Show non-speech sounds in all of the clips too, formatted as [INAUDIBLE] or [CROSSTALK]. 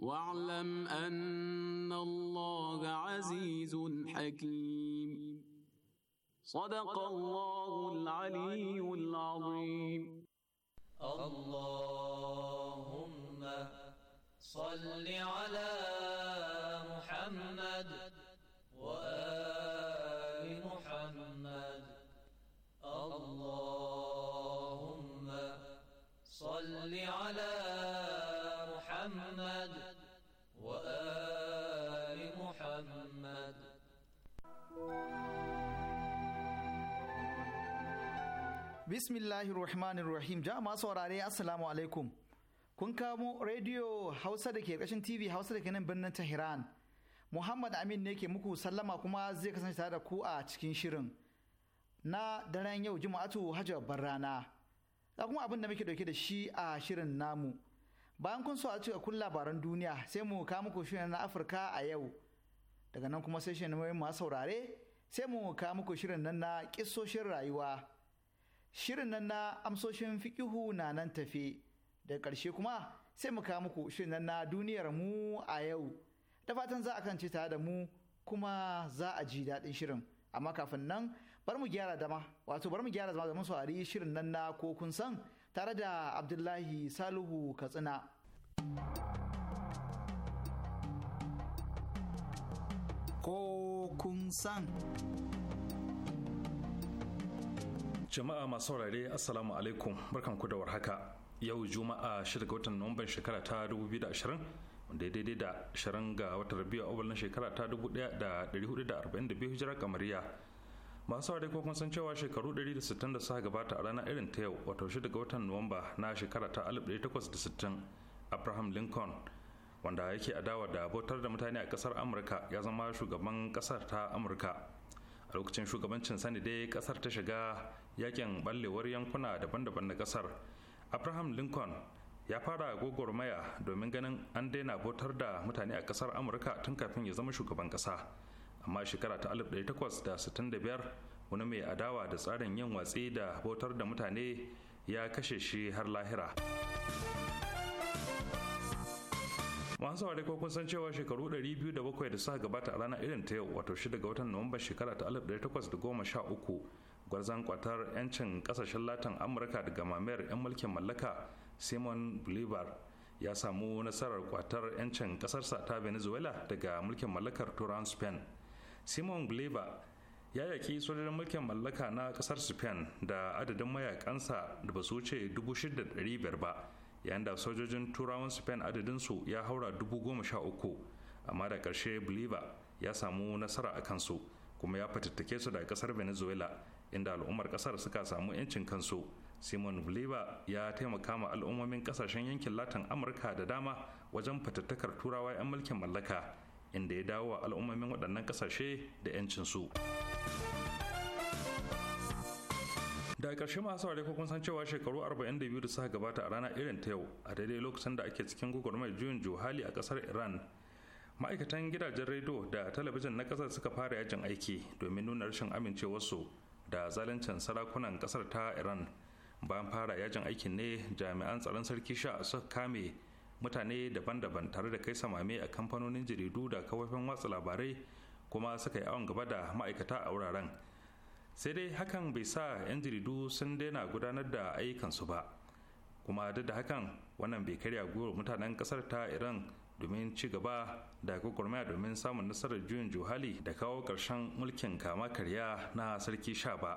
واعلم أن الله عزيز حكيم صدق الله العلي العظيم اللهم صل على محمد وآل محمد اللهم صل على محمد Bismillahir Rahmanir Rahim. Ja masu saurare Assalamu alaikum. Kun kamo rediyo Hausa da ke ƙarshen TV Hausa da ke nan birnin Tehran. Muhammad Amin ne ke muku sallama kuma zai kasance tare da ku a cikin shirin. Na daren yau Juma'atu Hajji babbar rana. Ga kuma abin da muke dauke da shi a shirin namu. Bayan kun so a cika kun labaran duniya sai mu kawo muku shirin na Afirka a yau. daga nan kuma sai shirin masu saurare sai mu ka muku shirin nan na kisoshin rayuwa shirin nan na amsoshin fikihu na nan tafe da ƙarshe kuma sai mu kawo muku shirin nan na duniyar mu a yau da fatan za a kan tare da mu kuma za a ji daɗin shirin amma kafin nan bar mu gyara dama wato bar mu gyara zama da saurari shirin nan na ko kun san tare da abdullahi saluhu katsina. ko kun san. Jama'a masu saurare Assalamu alaikum barkanku da warhaka. Yau Juma'a shida ga watan Nuwamban shekara ta 2020 wanda ya daidai da shirin ga watan biyu a na shekara ta 1442 hijira kamariya. Masu saurare ko kun san cewa shekaru 160 da suka gabata a ranar irin ta yau wato shida ga watan Nuwamba na shekara ta 1860 Abraham Lincoln wanda yake adawa da bautar da mutane a kasar amurka ya zama shugaban kasar ta amurka a lokacin shugabancin sani dai kasar ta shiga yakin ballewar yankuna daban-daban na kasar abraham lincoln ya fara maya domin ganin an daina bautar da mutane a kasar amurka tun kafin ya zama shugaban kasa amma shekara ta 1865 wani mai adawa da tsarin yin watsi da bautar da mutane ya kashe shi har lahira masu dai ko kun san cewa shekaru 207 da suka gabata a ranar irin ta yau wato 6 ga watan nuwamba shekara ta 1813 gwarzan kwatar 'yancin kasashen latin amurka daga mamayar 'yan mulkin mallaka simon bolivar ya samu nasarar kwatar 'yancin kasarsa ta venezuela daga mulkin mallakar turan spain simon bolivar ya yaki sojojin mulkin mallaka na kasar spain da adadin mayakansa da ba su wuce 6,500 ba yayin da sojojin turawan spain adadinsu ya haura dubu goma sha uku amma da karshe bolivar ya samu nasara a kansu kuma ya fatattake su daga ƙasar venezuela inda al'ummar ƙasar suka samu 'yancin kansu simon bolivar ya taimaka ma al'ummomin ƙasashen yankin latin amurka da dama wajen fatattakar turawa 'yan mulkin mallaka inda ya dawo wa al'ummomin waɗannan ƙasashe da 'yancinsu. daga ƙarshe masu saurare ko kun san cewa shekaru 42 da suka gabata a rana irin ta yau a daidai lokacin da ake cikin gugurmai juyin juhali a ƙasar iran ma'aikatan gidajen rediyo da talabijin na ƙasar suka fara yajin aiki domin nuna rashin amincewarsu da zaluncin sarakunan ƙasar ta iran bayan fara yajin aikin ne jami'an tsaron sarki sha suka kame mutane daban-daban tare da kai samame a kamfanonin jaridu da kawafin watsa labarai kuma suka yi awon gaba da ma'aikata a wuraren sai dai hakan bai sa 'yan jaridu sun daina gudanar da ayyukansu ba kuma duk da hakan wannan bai karya gwiwar mutanen kasar ta iran domin ci gaba da gwagwarmaya domin samun nasarar juyin juhali da kawo ƙarshen mulkin kama karya na sarki sha ba.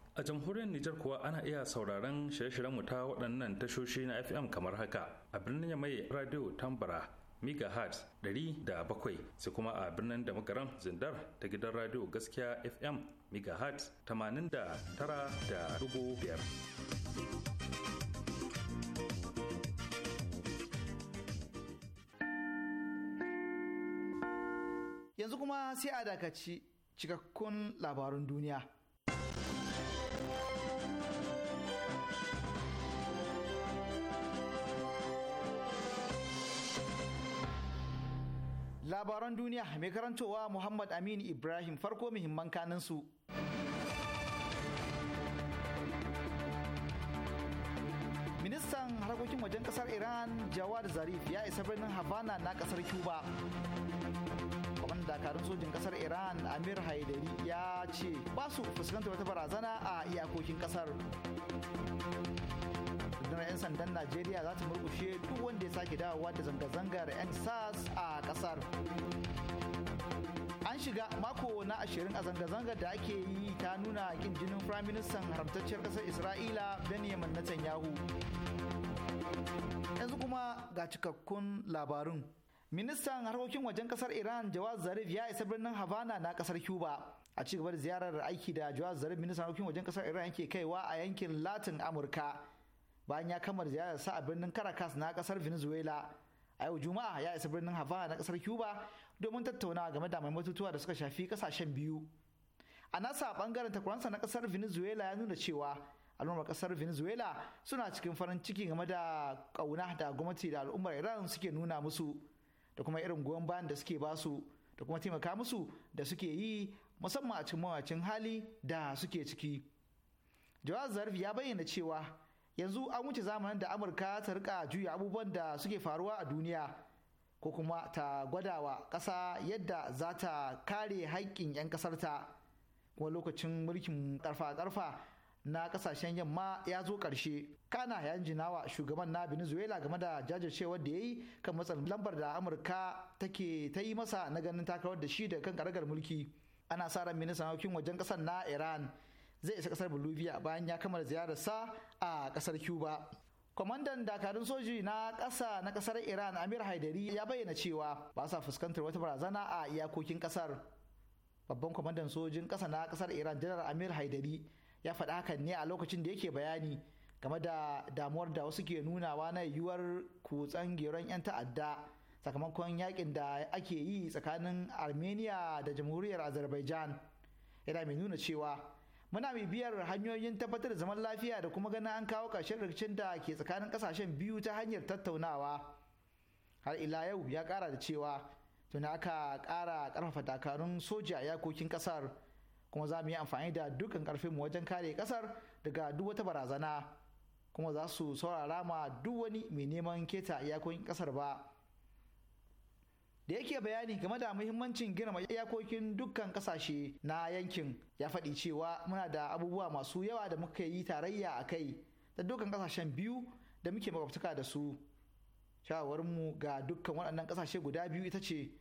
A jamhuriyar Nijar kuwa ana iya sauraron shirye-shiryen wuta waɗannan tashoshi na FM kamar haka a birnin mai radio Tambara megahertz 107 sai kuma a birnin da magaran zindar ta gidan radio gaskiya FM megahertz 89.5. Yanzu kuma sai a dakaci cikakkun labarun duniya. labaran duniya mai karantowa Muhammad Amin Ibrahim farko muhimman kanin su. Ministan harkokin wajen kasar Iran Jawad Zarif ya isa birnin Havana na kasar Cuba. Kwamandan dakarun sojin kasar Iran Amir Haidari ya ce ba su fuskantar wata barazana a iyakokin kasar. rundunar 'yan sandan najeriya za ta murkushe duk wanda ya sake dawowa da zanga-zangar 'yan sas a kasar an shiga mako na ashirin a zanga-zangar da ake yi ta nuna kin jinin Prime Minister haramtacciyar kasar isra'ila benjamin netanyahu yanzu kuma ga cikakkun labarun ministan harkokin wajen kasar iran jawaz zarif ya isa birnin havana na kasar cuba a ci gaba da ziyarar aiki da jawaz zarif ministan harkokin wajen kasar iran yake kaiwa a yankin latin amurka bayan ya kammala ziyarar sa a birnin Caracas na kasar Venezuela a yau Juma'a ya isa birnin Havana na kasar Cuba domin tattaunawa game da mai matutuwa da suka shafi kasashen biyu. A nasa bangaren takwaransa na kasar Venezuela ya nuna cewa al'ummar kasar Venezuela suna cikin farin ciki game da kauna da gwamnati da al'ummar Iran suke nuna musu da kuma irin goyon bayan da suke basu da kuma taimaka musu da suke yi musamman a cikin mawacin hali da suke ciki. Jawaz Zarfi ya bayyana cewa yanzu an wuce zamanin da amurka ta rika juya abubuwan da suke faruwa a duniya ko kuma ta gwadawa ƙasa yadda za ta kare haƙƙin 'yan ƙasarta kuma lokacin mulkin ƙarfa-ƙarfa na ƙasashen yamma ya zo ƙarshe kana ya wa shugaban na venezuela game da jajircewar da ya yi kan matsalin lambar da amurka take ta yi masa na ganin takarar da shi da kan karagar mulki ana sa ran ministan harkokin wajen ƙasar na iran zai isa kasar bolivia bayan ya kammala ziyararsa a kasar cuba kwamandan dakarun soji na ƙasa na ƙasar iran amir haidari ya bayyana cewa ba sa fuskantar wata barazana a iyakokin ƙasar babban kwamandan sojin ƙasa na ƙasar iran janar amir haidari ya faɗa hakan ne a lokacin da yake bayani game da damuwar da wasu ke nunawa na yiwuwar kutsan geron 'yan ta'adda sakamakon yakin da ake yi tsakanin armenia da jamhuriyar azerbaijan yana mai nuna cewa muna bibiyar hanyoyin tabbatar da zaman lafiya da kuma ganin an kawo ƙarshen rikicin da ke tsakanin ƙasashen biyu ta hanyar tattaunawa har ila yau ya ƙara da cewa tuni aka ƙara ƙarfafa dakarun soja a yakokin ƙasar kuma za mu yi amfani da dukkan ƙarfinmu wajen kare ƙasar daga duk wata barazana kuma za su saurara ma duk wani mai neman keta iyakokin ƙasar ba da yake bayani game da muhimmancin girma iyakokin dukkan kasashe na yankin ya faɗi cewa muna da abubuwa masu yawa da muka yi tarayya a kai da dukkan kasashen biyu da muke makwabtaka da su shawarmu ga dukkan waɗannan kasashe guda biyu ita ce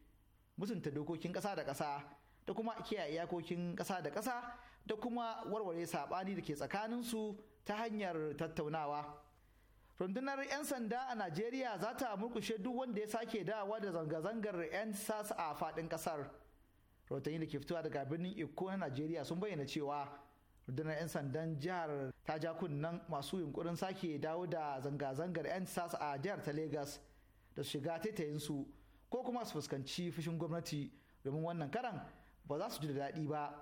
mutunta dokokin ƙasa da ƙasa da kuma kiyaye iyakokin ƙasa da ƙasa da kuma warware saɓani da ke tsakaninsu ta hanyar tattaunawa. rundunar 'yan sanda a najeriya za ta murkushe duk wanda ya sake dawa da zanga-zangar 'yan sas a faɗin ƙasar rahotanni da ke fitowa daga birnin iko na najeriya sun bayyana cewa rundunar 'yan sandan jihar ta ja kunnen masu yunkurin sake dawo da zanga-zangar 'yan sas a jihar ta Legas da su shiga taitayinsu ko kuma su fuskanci fushin gwamnati domin wannan karan ba za su ji da daɗi ba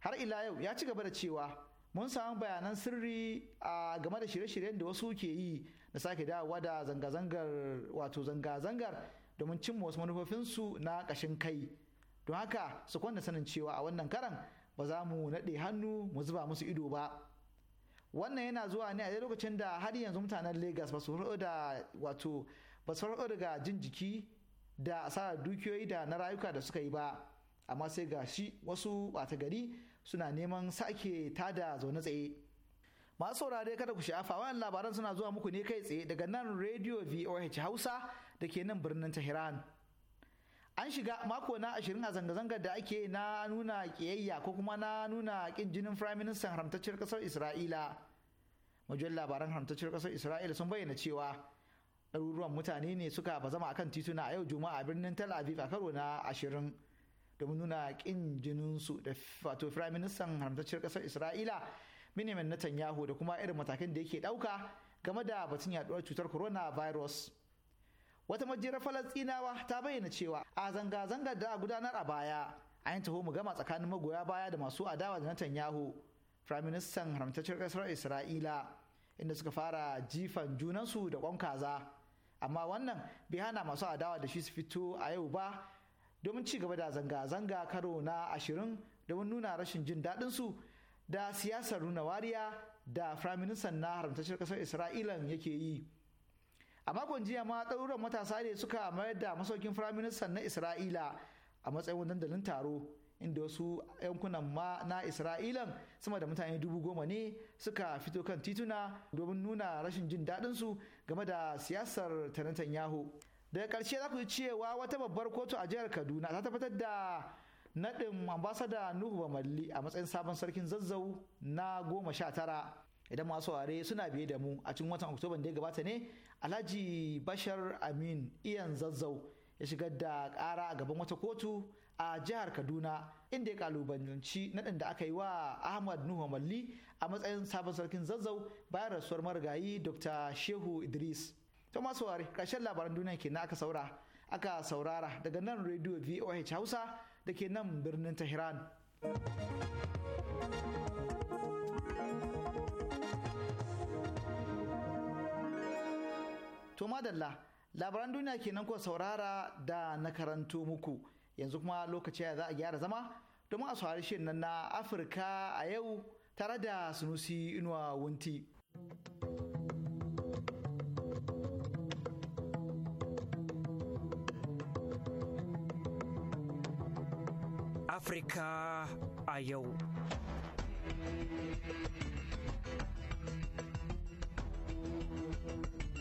har ila yau ya ci gaba da cewa mun samu bayanan sirri a game da shirye-shiryen da wasu ke yi da sake dawowa da zanga-zangar wato zanga-zangar domin cimma wasu manufofinsu na ƙashin kai don haka su kwanda sanin cewa a wannan karan ba za mu naɗe hannu mu zuba musu ido ba wannan yana zuwa ne a lokacin da har yanzu mutanen lagos ba su da wato ba su daga jin jiki da asarar dukiyoyi da na rayuka da suka yi ba amma sai ga shi wasu ɓata gari suna neman sake tada zaune tsaye masu saurare kada ku sha'afa wannan labaran suna zuwa muku ne kai tsaye daga nan radio voh hausa da ke nan birnin tehran an shiga mako na ashirin a zanga-zangar da ake na nuna kiyayya ko kuma na nuna ƙin jinin firayim ministan haramtacciyar kasar isra'ila Majiyar labaran haramtacciyar kasar isra'ila sun bayyana cewa ɗaruruwan mutane ne suka bazama akan tituna a yau juma'a a birnin tel aviv a karo na ashirin domin nuna kin jininsu da wato firaministan haramtacciyar ƙasar isra'ila na netanyahu da kuma irin matakan da yake ɗauka game da batun yaduwar cutar corona virus. wata majiyar falastinawa ta bayyana cewa a zanga zanga da a gudanar a baya an taho mu gama tsakanin magoya baya da masu adawa da netanyahu firaministan haramtacciyar ƙasar isra'ila inda suka fara jifan junansu da kwan kaza amma wannan bai hana masu adawa da shi su fito a yau ba domin ci gaba da zanga-zanga karo na ashirin domin nuna rashin jin daɗin su da siyasar nuna wariya da firaministan na haramtacciyar ƙasar isra'ilan yake yi a makon jiya ma ɗaruran matasa ne suka mayar da masaukin firaministan na isra'ila a matsayin dandalin taro inda wasu yankunan ma na isra'ilan sama da mutane dubu goma ne suka fito kan tituna domin nuna rashin jin daɗinsu game da siyasar ta Netanyahu. daga karshe za ku ji cewa wata babbar kotu a jihar kaduna ta tabbatar da naɗin ambasada nuhu malli a matsayin sabon sarkin zazzau na goma sha tara idan masu ware suna biye da mu a cikin watan Oktoba da ya gabata ne alhaji bashar amin iyan zazzau ya shigar da ƙara a gaban wata kotu a jihar kaduna inda ya kalubalanci naɗin da aka yi wa ahmad nuhu malli a matsayin sabon sarkin zazzau bayan rasuwar marigayi dr shehu idris ta masu ware ƙarshen labaran duniya ke aka saura aka saurara daga nan rediyo voh hausa da ke nan birnin tehran to madalla labaran duniya kenan ko saurara da na karanto muku yanzu kuma lokaci ya za a gyara zama domin a saurari shirin nan na afirka a yau tare da sunusi inuwa wunti. Afrika a yau.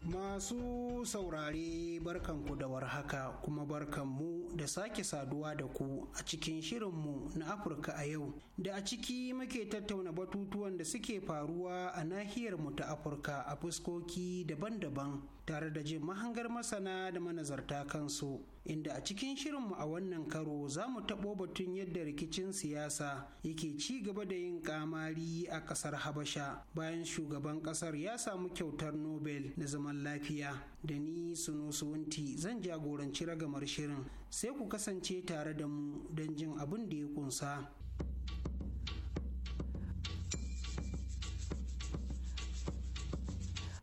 Masu saurare ku da warhaka kuma barkan mu da sake saduwa da ku a cikin shirinmu na Afirka a yau da a ciki muke tattauna batutuwan da suke faruwa a nahiyar mu ta Afirka a fuskoki daban-daban tare da jin mahangar masana da manazarta kansu inda a cikin shirinmu a wannan karo za mu taɓo batun yadda rikicin siyasa yake ci gaba da yin kamari a ƙasar habasha bayan shugaban ƙasar ya samu kyautar nobel na zaman lafiya da ni sunusuwunti zan jagoranci ragamar shirin sai ku kasance tare da mu don jin abin da ya kunsa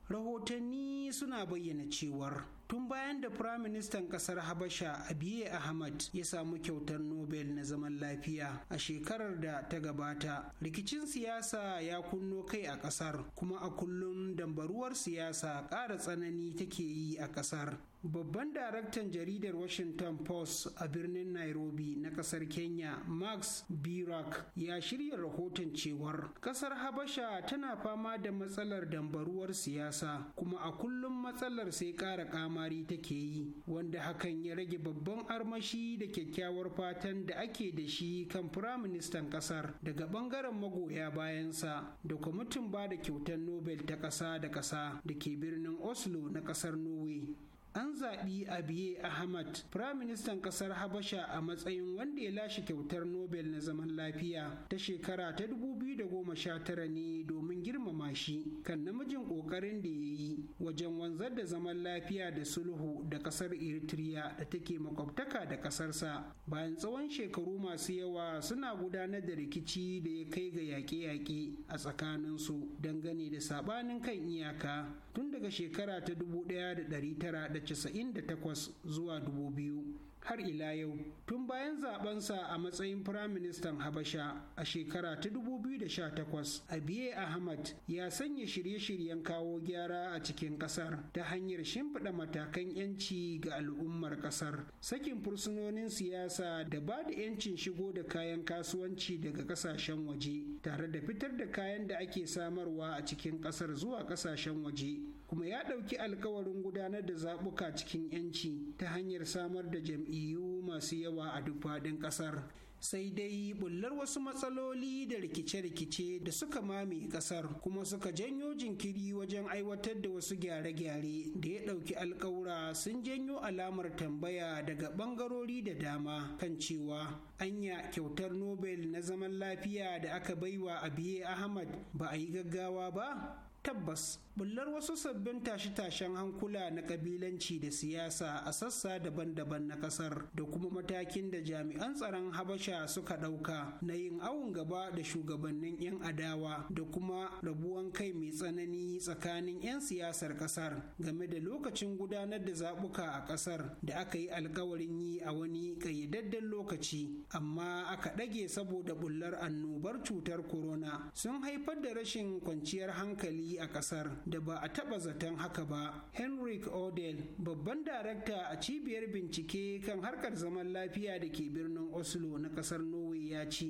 rahotanni suna bayyana cewar tun bayan da firaministan ƙasar habasha abiye ahmad ya samu kyautar nobel na zaman lafiya a shekarar da ta gabata rikicin siyasa ya kunno kai a ƙasar, kuma a kullum dambaruwar siyasa ƙara tsanani take yi a ƙasar. Babban daraktan jaridar Washington Post a birnin Nairobi na kasar Kenya, Max Birak, ya shirya rahoton cewar kasar Habasha tana fama da matsalar dambaruwar siyasa kuma a kullum matsalar sai ƙara kamari take yi, wanda hakan ya rage babban armashi da kyakkyawar fatan da ake da shi kan firaministan kasar daga bangaren magoya bayansa da kwamitin ba da kyautar Nobel ta ƙasa da ƙasa da ke birnin Oslo na ƙasar Norway. an zaɓi abiye ahmad firaministan ƙasar habasha a matsayin wanda ya lashe kyautar nobel na zaman lafiya ta shekara ta 2019 ne domin girmama shi kan namijin ƙoƙarin da ya yi wajen wanzar da zaman lafiya da sulhu da ƙasar eritrea da take makwabtaka da ƙasarsa bayan tsawon shekaru masu yawa suna gudanar da rikici da ya kai ga yaƙe-yaƙe a tsakaninsu dangane da saɓanin kan iyaka tun daga shekara ta 1998 zuwa 2000 har ila yau tun bayan zabensa a matsayin firaministan habasha a shekara ta 2018 abiye ahmad ya sanya shirye-shiryen kawo gyara a cikin kasar ta hanyar shimfiɗa matakan 'yanci ga al'ummar kasar sakin fursunonin siyasa da ba da 'yancin shigo da kayan kasuwanci daga kasashen waje tare da fitar da kayan da ake samarwa a cikin kasar zuwa kasashen waje kuma ya ɗauki alkawarin gudanar da zaɓuka cikin 'yanci ta hanyar samar da jam'iyyu masu yawa a duk faɗin ƙasar sai dai bullar wasu matsaloli da rikice-rikice da suka mame ƙasar kuma suka janyo jinkiri wajen aiwatar da wasu gyare-gyare da ya ɗauki alkawura sun janyo alamar tambaya daga ɓangarori da dama kan cewa anya kyautar nobel na zaman lafiya da aka baiwa abiye ahmad ba a yi gaggawa ba tabbas bullar wasu sabbin tashe-tashen hankula na kabilanci da siyasa a sassa daban-daban na kasar da kuma matakin da jami'an tsaron habasha suka ɗauka na yin awon gaba da shugabannin 'yan adawa da kuma rabuwan kai mai tsanani tsakanin 'yan siyasar kasar game da lokacin gudanar da zaɓuka a kasar da aka yi alkawarin yi a wani ƙayyadadden lokaci amma aka ɗage saboda bullar annobar cutar corona sun haifar da rashin kwanciyar hankali yi a kasar da ba a taba zaton haka ba henrik odell babban darakta a cibiyar bincike kan harkar zaman lafiya da ke birnin oslo na kasar norway ya ce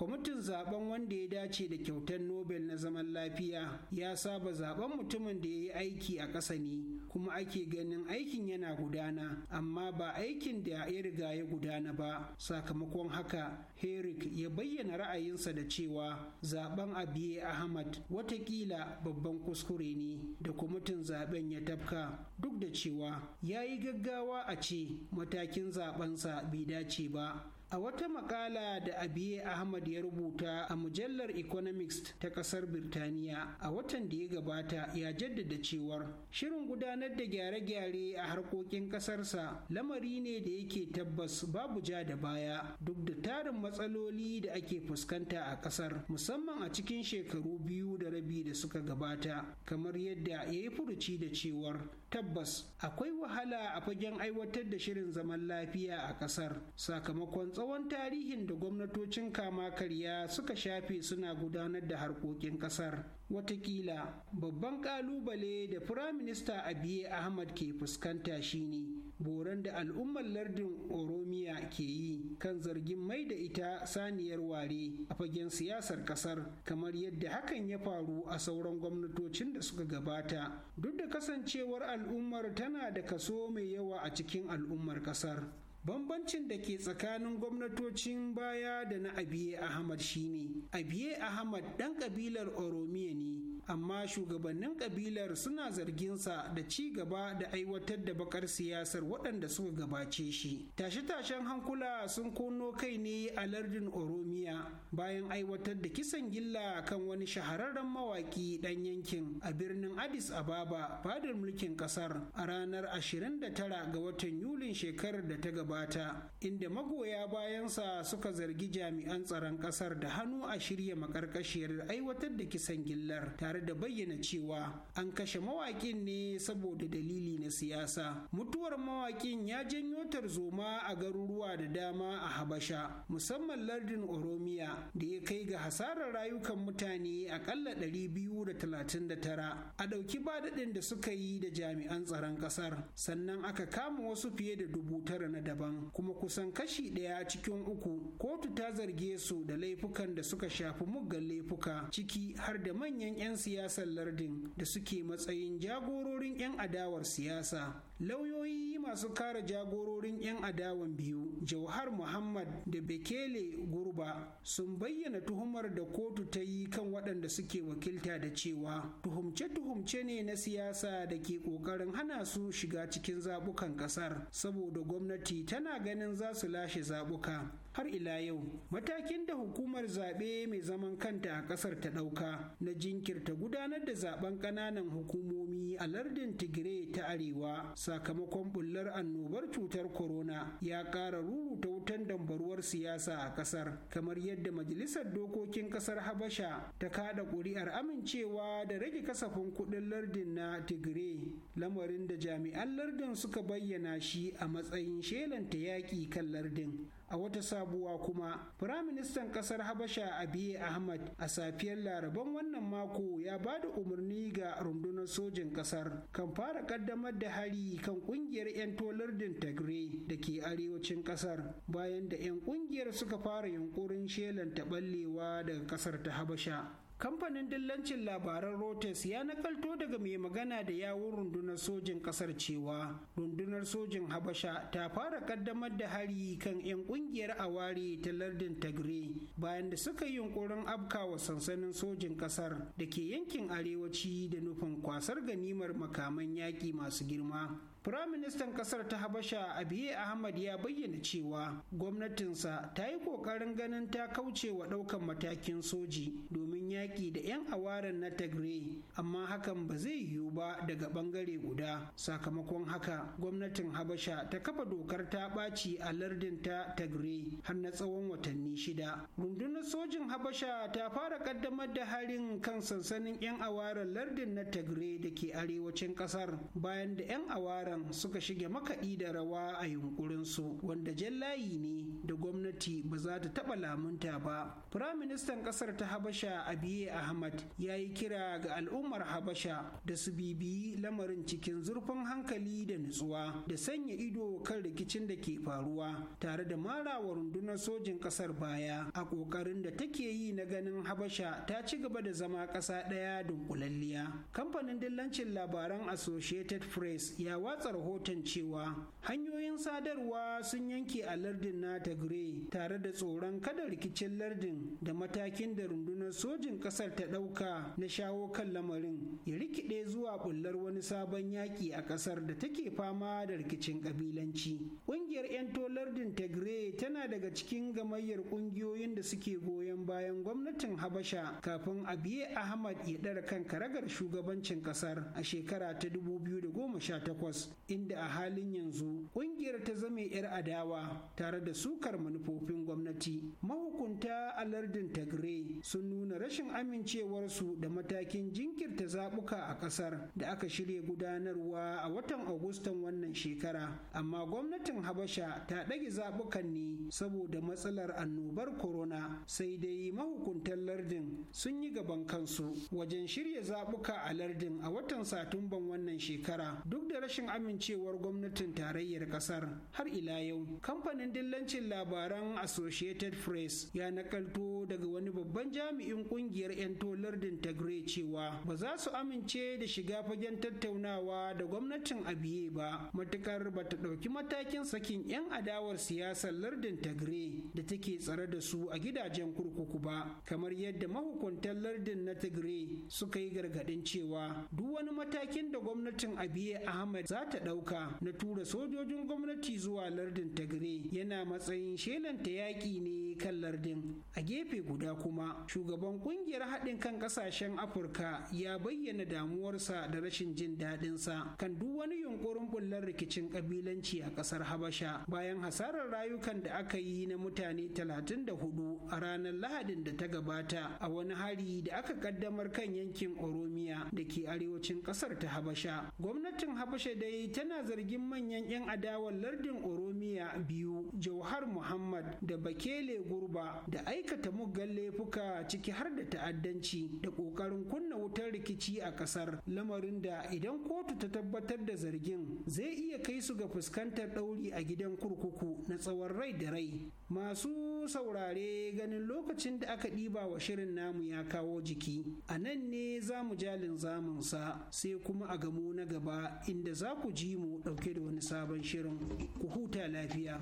kwamitin zaben wanda ya dace da kyautar nobel na zaman lafiya ya saba zaben mutumin da ya yi aiki a ƙasa ne kuma ake ganin aikin yana gudana amma ba aikin da ya riga ya gudana ba sakamakon haka herrick ya bayyana ra'ayinsa da cewa zaben abiye ahmad watakila babban kuskure ne da kwamitin zaben ya tafka duk da cewa ya yi gaggawa a ce matakin zabensa bai dace ba A wata makala da Abiye Ahmad ya rubuta a mujallar Economics ta kasar Birtaniya a watan da ya gabata ya jaddada cewar shirin gudanar da gyare-gyare a harkokin kasarsa lamari ne da yake tabbas babu ja da baya duk da tarin matsaloli da ake fuskanta a kasar musamman a cikin shekaru biyu da rabi da suka gabata kamar yadda ya yi furuci da cewar tabbas akwai wahala a fagen aiwatar da shirin zaman lafiya a kasar sakamakon tsawon tarihin da gwamnatocin kama karya suka shafe suna gudanar da harkokin kasar watakila babban kalubale da firaminista abiye ahmad ke fuskanta shine boran da al'ummar lardin oromiya ke yi kan zargin mai da ita saniyar ware a fagen siyasar kasar kamar yadda hakan ya faru a sauran gwamnatocin da suka gabata duk da kasancewar al'ummar tana da kaso mai yawa a cikin al'ummar kasar Bambancin da ke tsakanin gwamnatocin baya da na Abiye Ahmad shine, Abiye Ahmad ɗan ƙabilar Oromiya ne, amma shugabannin kabilar suna zarginsa da ci gaba da aiwatar da bakar siyasar waɗanda suka gabace shi tashe-tashen hankula sun kono kai ne a lardin oromiya bayan aiwatar da kisan gilla kan wani shahararren mawaƙi ɗan yankin a birnin addis ababa fadar mulkin ƙasar a ranar 29 ga watan yulin shekarar da ta gabata inda magoya bayansa suka zargi jami'an tsaron ƙasar da hannu a shirya makarkashiyar aiwatar da kisan gillar tare tare da bayyana cewa an kashe mawaƙin ne saboda dalili na siyasa mutuwar mawaƙin ya janyo tarzoma a garuruwa da dama a habasha musamman lardin oromiya da ya kai ga hasarar rayukan mutane akalla 239 a ɗauki badadin da suka yi da jami'an tsaron ƙasar sannan aka kama wasu fiye da dubu tara na daban kuma kusan kashi ɗaya cikin uku kotu ta zarge su da laifukan da suka shafi muggan laifuka ciki har da manyan 'yan siyasa siyasar lardin da suke matsayin jagororin 'yan adawar siyasa lauyoyi masu kare jagororin 'yan adawan biyu jauhar muhammad da bekele gurba sun bayyana tuhumar da kotu ta yi kan waɗanda suke wakilta da cewa tuhumce-tuhumce ne na siyasa da ke ƙoƙarin hana su shiga cikin zaɓukan ƙasar saboda gwamnati tana ganin za su lashe zaɓuka har ila yau matakin da hukumar zaɓe mai zaman kanta a ƙasar ta ɗauka na jinkirta gudanar da zaben ƙananan hukumomi a lardin tigire ta arewa sakamakon bullar annobar cutar corona ya ƙara ruruta wutan dambaruwar siyasa a ƙasar kamar yadda majalisar dokokin ƙasar habasha ta kada ƙuri'ar amincewa da rage kasafin kuɗin lardin na tigire lamarin da jami'an lardin suka bayyana shi a matsayin shelanta yaƙi kan lardin a wata sabuwa kuma firaministan ƙasar habasha abiy ahmad a safiyar laraban wannan mako ya ba da umarni ga rundunar sojin ƙasar, kan fara ƙaddamar da hari kan ƙungiyar 'yan tolardin tigray da ke arewacin ƙasar, bayan da 'yan ƙungiyar suka fara yunkurin shelanta ballewa daga ƙasar ta habasha kamfanin dillancin labaran Reuters ya nakalto daga mai magana da yawun rundunar sojin kasar cewa rundunar sojin Habasha ta fara kaddamar da hari kan 'yan kungiyar aware ta lardin Tigray bayan da suka yi yunkurin afkawa sansanin sojin kasar da ke yankin arewaci da nufin kwasar ganimar makaman yaƙi masu girma. Firaministan kasar ta Habasha Abiy Ahmad ya bayyana cewa gwamnatinsa ta yi ƙoƙarin ganin ta kauce wa ɗaukan matakin soji domin yaƙi da 'yan awaren na Tagre, amma hakan ba zai yiwu ba daga ɓangare guda. Sakamakon haka, gwamnatin Habasha ta kafa dokar ta ɓaci a lardin ta Tigray har na tsawon watanni shida. Rundunar sojin Habasha ta fara ƙaddamar da harin kan sansanin 'yan awaren lardin na Tagre da ke arewacin ƙasar bayan da 'yan awaren bangaren suka shige makaɗi da rawa a yunkurinsu wanda Jan Layi ne da gwamnati ba za ta taɓa lamunta ba firaministan ƙasar ta habasha abiye ahmad ya yi kira ga al'ummar habasha da su bibiyi lamarin cikin zurfin hankali da nutsuwa da sanya ido kan rikicin da ke faruwa tare da marawa rundunar sojin ƙasar baya a ƙoƙarin da take yi na ganin habasha ta ci gaba da zama ƙasa ɗaya dunkulalliya kamfanin dillancin labaran associated press ya watsa watsa rahoton cewa hanyoyin sadarwa sun yanke a lardin na Tagre tare da tsoron kada rikicin lardin da matakin da rundunar sojin kasar ta ɗauka na shawo kan lamarin ya rikide zuwa bullar wani sabon yaƙi a kasar da take fama da rikicin ƙabilanci. Ƙungiyar 'yan lardin Tagre tana daga cikin gamayyar ƙungiyoyin da suke goyon bayan gwamnatin Habasha kafin Abiye Ahmad ya ɗara kan karagar shugabancin kasar a shekara ta 2018. inda a halin yanzu kungiyar ta zama 'yar adawa tare da sukar manufofin gwamnati mahukunta a lardin tagre sun nuna rashin amincewarsu da matakin jinkirta zabuka a kasar da aka shirya gudanarwa a watan agustan wannan shekara amma gwamnatin habasha ta ɗage zabukan ne saboda matsalar annobar corona sai dai mahukuntan lardin sun yi gaban kansu wajen shirya zabuka a lardin a watan satumban wannan shekara duk da rashin amincewar gwamnatin tarayyar kasar har ila yau kamfanin dillancin labaran associated press ya nakalto daga wani babban jami'in kungiyar 'yan tolardin tagre cewa ba za su amince da shiga fagen tattaunawa da gwamnatin abiye ba matukar ba ta ɗauki matakin sakin 'yan adawar siyasar lardin tagre da take tsare da su a gidajen kurkuku ba kamar yadda mahukuntan lardin na tagre suka yi gargaɗin cewa duk wani matakin da gwamnatin abiye ahmed za ta ɗauka na tura sojojin gwamnati zuwa lardin Tigray yana matsayin shelanta yaƙi ne kan lardin. A gefe guda kuma shugaban ƙungiyar haɗin kan ƙasashen Afirka ya bayyana damuwarsa da rashin jin daɗinsa kan duk wani yunƙurin bullar rikicin ƙabilanci a ƙasar Habasha bayan hasarar rayukan da aka yi na mutane talatin da hudu a ranar Lahadin da ta gabata a wani hari da aka kaddamar kan yankin Oromiya da ke arewacin ƙasar ta Habasha. Gwamnatin Habasha dai tana zargin manyan 'yan adawar lardin oromiya biyu jauhar muhammad da bakele gurba da aikata muggan laifuka ciki har da ta'addanci da ƙoƙarin kunna wutar rikici a ƙasar lamarin da idan kotu ta tabbatar da zargin zai iya kai su ga fuskantar ɗauri a gidan kurkuku na tsawon rai da rai masu saurare ganin lokacin da aka ɗiba wa shirin namu ya kawo jiki a nan ne za mu jalin zamunsa sai kuma a gamo na gaba inda za ku ji mu ɗauke da wani sabon shirin ku huta lafiya.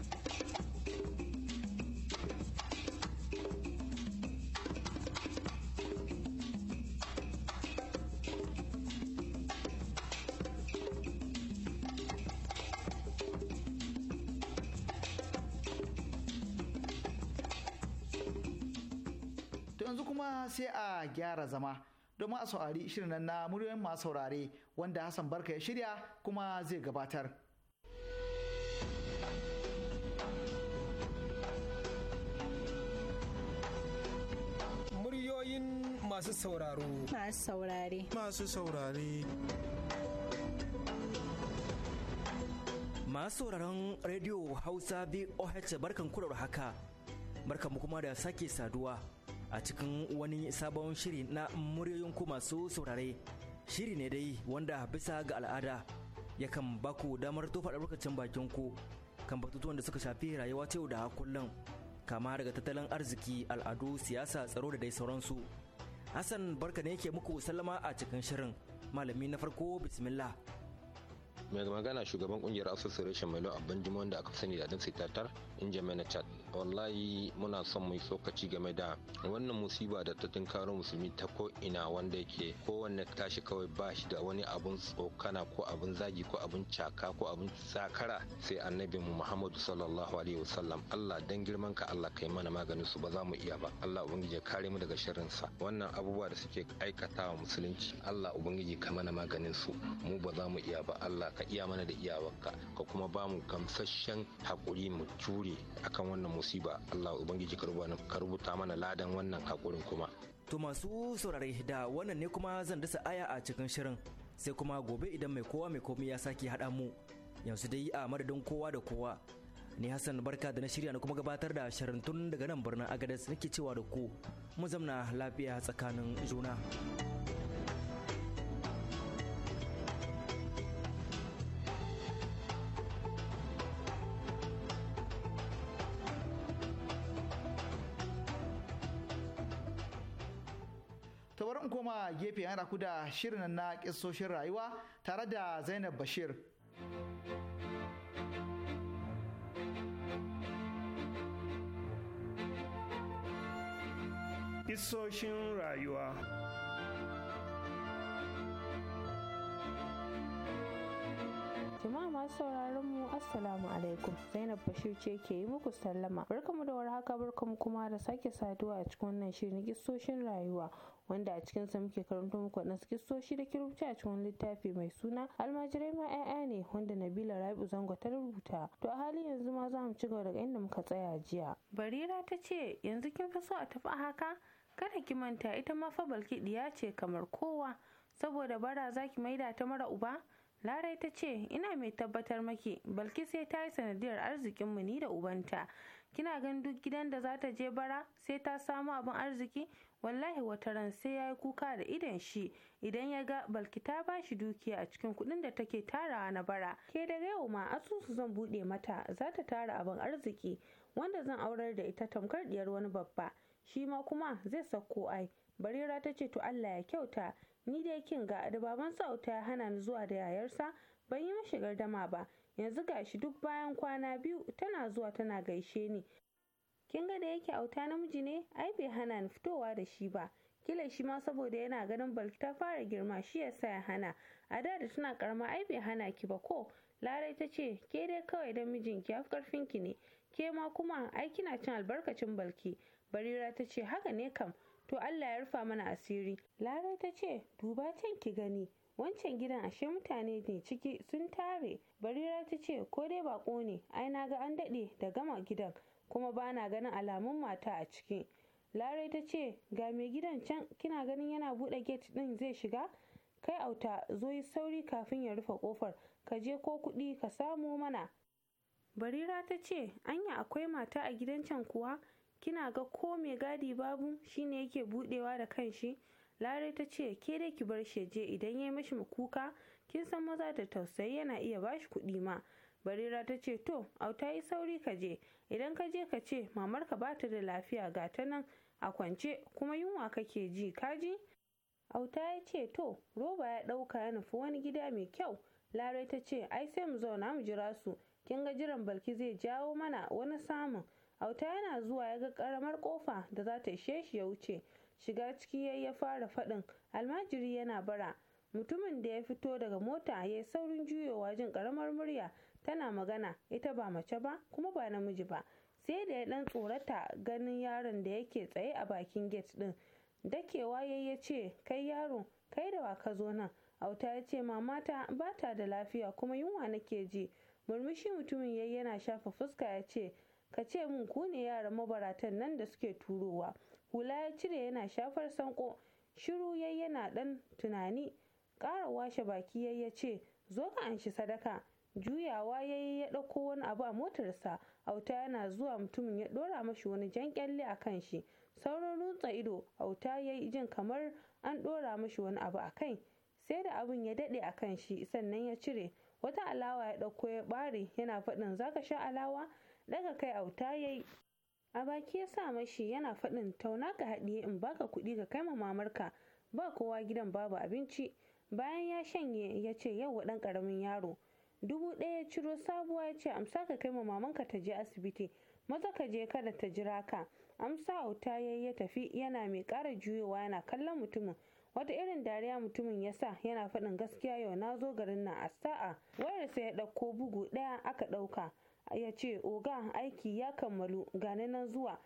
yanzu kuma sai a gyara zama domin a saurari shirin nan na muryoyin masu saurare wanda Hassan Barka ya shirya kuma zai gabatar. Muryoyin masu sauraro. Masu saurare. Masu saurare. Masu sauraron Radio Hausa boh barkan kurar haka, barkan kuma da sake saduwa. a cikin wani sabon shiri na muryoyin ku masu saurare. Shiri ne dai wanda bisa ga al'ada yakan baku damar tofa albarkacin bakin ku kan batutuwan da suka shafi rayuwa ta yau da kullum kama daga tattalin arziki, al'adu, siyasa, tsaro da dai sauransu. Hassan barka ne yake muku sallama a cikin shirin. Malami na farko bismillah. mai magana shugaban kungiyar rashin mai lo abin da aka sani da adin sitatar in jami'a na chad wallahi muna son mu tsokaci game da wannan musiba da ta tunkaro musulmi ta ko ina wanda yake kowanne tashi kawai ba shi da wani abun tsokana ko abun zagi ko abun caka ko abun sakara sai annabi mu Muhammadu sallallahu alaihi wasallam Allah dan girman ka Allah kai mana maganin su ba za mu iya ba Allah ubangiji ya kare mu daga shirin sa wannan abubuwa da suke aikata wa musulunci Allah ubangiji ka mana maganin su mu ba za mu iya ba Allah ka iya mana da iyawarka ka kuma ba mu gamsasshen hakuri mu jure akan wannan musiba Allah ubangiji ka rubuta mana ladan wannan hakurin kuma to masu saurare da wannan ne kuma zan dasa aya a cikin shirin sai kuma gobe idan mai kowa mai komai ya sake haɗa mu yanzu dai a madadin kowa da kowa ni Hassan barka da na shirya na kuma gabatar da shirin tun daga nan birnin Agadez nake cewa da ku mu zamna lafiya tsakanin juna. A gefe yana ku da shirin na kisoshin rayuwa tare da Zainab Bashir. Kisoshin rayuwa Jama'a masu sauraron mu Assalamu alaikum Zainab Bashir ce ke yi muku sallama. Barkamu da warhaka barkamu kuma da sake saduwa a cikin wannan shirin kisoshin rayuwa wanda a cikin sa muke karanto muku waɗansu kistoshi da kirubci a cikin littafi mai suna almajirai ma 'ya'ya ne wanda nabila rabi'u zango ta rubuta to a halin yanzu ma za mu ci gaba daga inda muka tsaya jiya barira ta ce yanzu kin fi so a tafi a haka kada ki manta ita ma fa balki ce kamar kowa saboda bara za ki maida ta mara uba larai ta ce ina mai tabbatar maki balki sai ta yi sanadiyar arzikinmu ni da ubanta kina gan duk gidan da za ta je bara sai ta samu abin arziki wallahi wata ran sai ya yi kuka da idon shi idan ya ga balki ta ba shi dukiya a cikin kuɗin da take tarawa na bara ke daga yau ma asusu zan buɗe mata za ta tara abin arziki wanda zan aurar da ita tamkar diyar wani babba shi ma kuma zai sauko ai barira ta ce to allah ya kyauta ni dai kin ga da baban sauta ya hana ni zuwa da yayarsa ban yi mashi gardama ba yanzu gashi duk bayan kwana biyu tana zuwa tana gaishe ni kin ga da yake auta namiji ne ai bai hana ni fitowa da shi ba kila shi ma saboda yana ganin balki ta fara girma shi ya sa ya hana a da da tana karama ai bai hana ki ba ko larai ta ce ke dai kawai dan mijinki ya fi karfin ki ne ke ma kuma ai kina cin albarkacin balki barira ta ce haka ne kam to allah ya rufa mana asiri larai ta ce duba can ki gani wancan gidan ashe mutane ne ciki sun tare barira ta ce ko dai bako ne ai na ga an daɗe da gama gidan kuma bana ganin alamun mata a ciki larai ta ce ga mai gidan can kina ganin yana bude gate din zai shiga kai auta zo yi sauri kafin ya rufe kofar ka je ko kudi ka samo mana barira ta ce anya akwai mata a gidan can kuwa kina ga ko mai gadi babu shine yake budewa da kanshi larai ta ce ke dai ki bar shi je idan ya mashi kuka kin san maza da tausayi yana iya bashi kudi ma barira ta ce to auta yi sauri ka je idan ka je ka ce mamarka ba ta da lafiya ga ta nan a kwance kuma yunwa kake ji ka kaji auta ya ce to roba ya ɗauka ya nufi wani gida mai kyau larai ta ce ai sai mu zauna mu jira su kin ga jiran balki zai jawo mana wani samun auta yana zuwa ya ga karamar kofa da za ta ishe shi ya wuce shiga ciki yayi ya fara faɗin almajiri yana bara mutumin da ya fito daga mota ya yi saurin juyowa jin karamar murya tana magana ita ba mace ba kuma ba namiji ba sai da ya dan tsorata ganin yaron da yake tsaye a bakin gate ɗin. dakewa ya ya ce kai yaro kai da wa ka zo nan auta ya ce mamata ba ta da lafiya kuma yunwa nake ji murmushi mutumin yayi yana shafa fuska ya ce ka ce mun ku ne yaran mabaratan nan da suke turowa hula ya cire yana shafar sanko shiru ya yana dan tunani ƙara washe baki yayi ya ce zo ka anshi sadaka juyawa ya yi ya ɗauko wani abu a motarsa auta yana zuwa mutumin ya ɗora mashi wani jan kyalle a kan shi sauran rutsa ido auta ya yi jin kamar an ɗora mashi wani abu a kai sai da abun ya daɗe a kan shi sannan ya cire wata alawa ya ɗauko ya ɓare yana faɗin za ka sha alawa ɗaga kai auta ya yi a baki ya sa mashi yana faɗin tauna ka haɗiye in baka kuɗi ka kai ma mamarka ba kowa gidan babu abinci bayan ya shanye ya ce yau wa ɗan ƙaramin yaro dubu ɗaya ya ciro sabuwa ya ce amsa ka kai ma mamanka ta je asibiti maza ka je kada ta jira ka amsa auta ya ya tafi yana mai ƙara juyowa yana kallon mutumin wata irin dariya mutumin ya sa yana faɗin gaskiya yau na zo garin nan a sa'a wayarsa ya ɗauko bugu ɗaya aka ɗauka ya ce oga aiki ya kammalu gane nan zuwa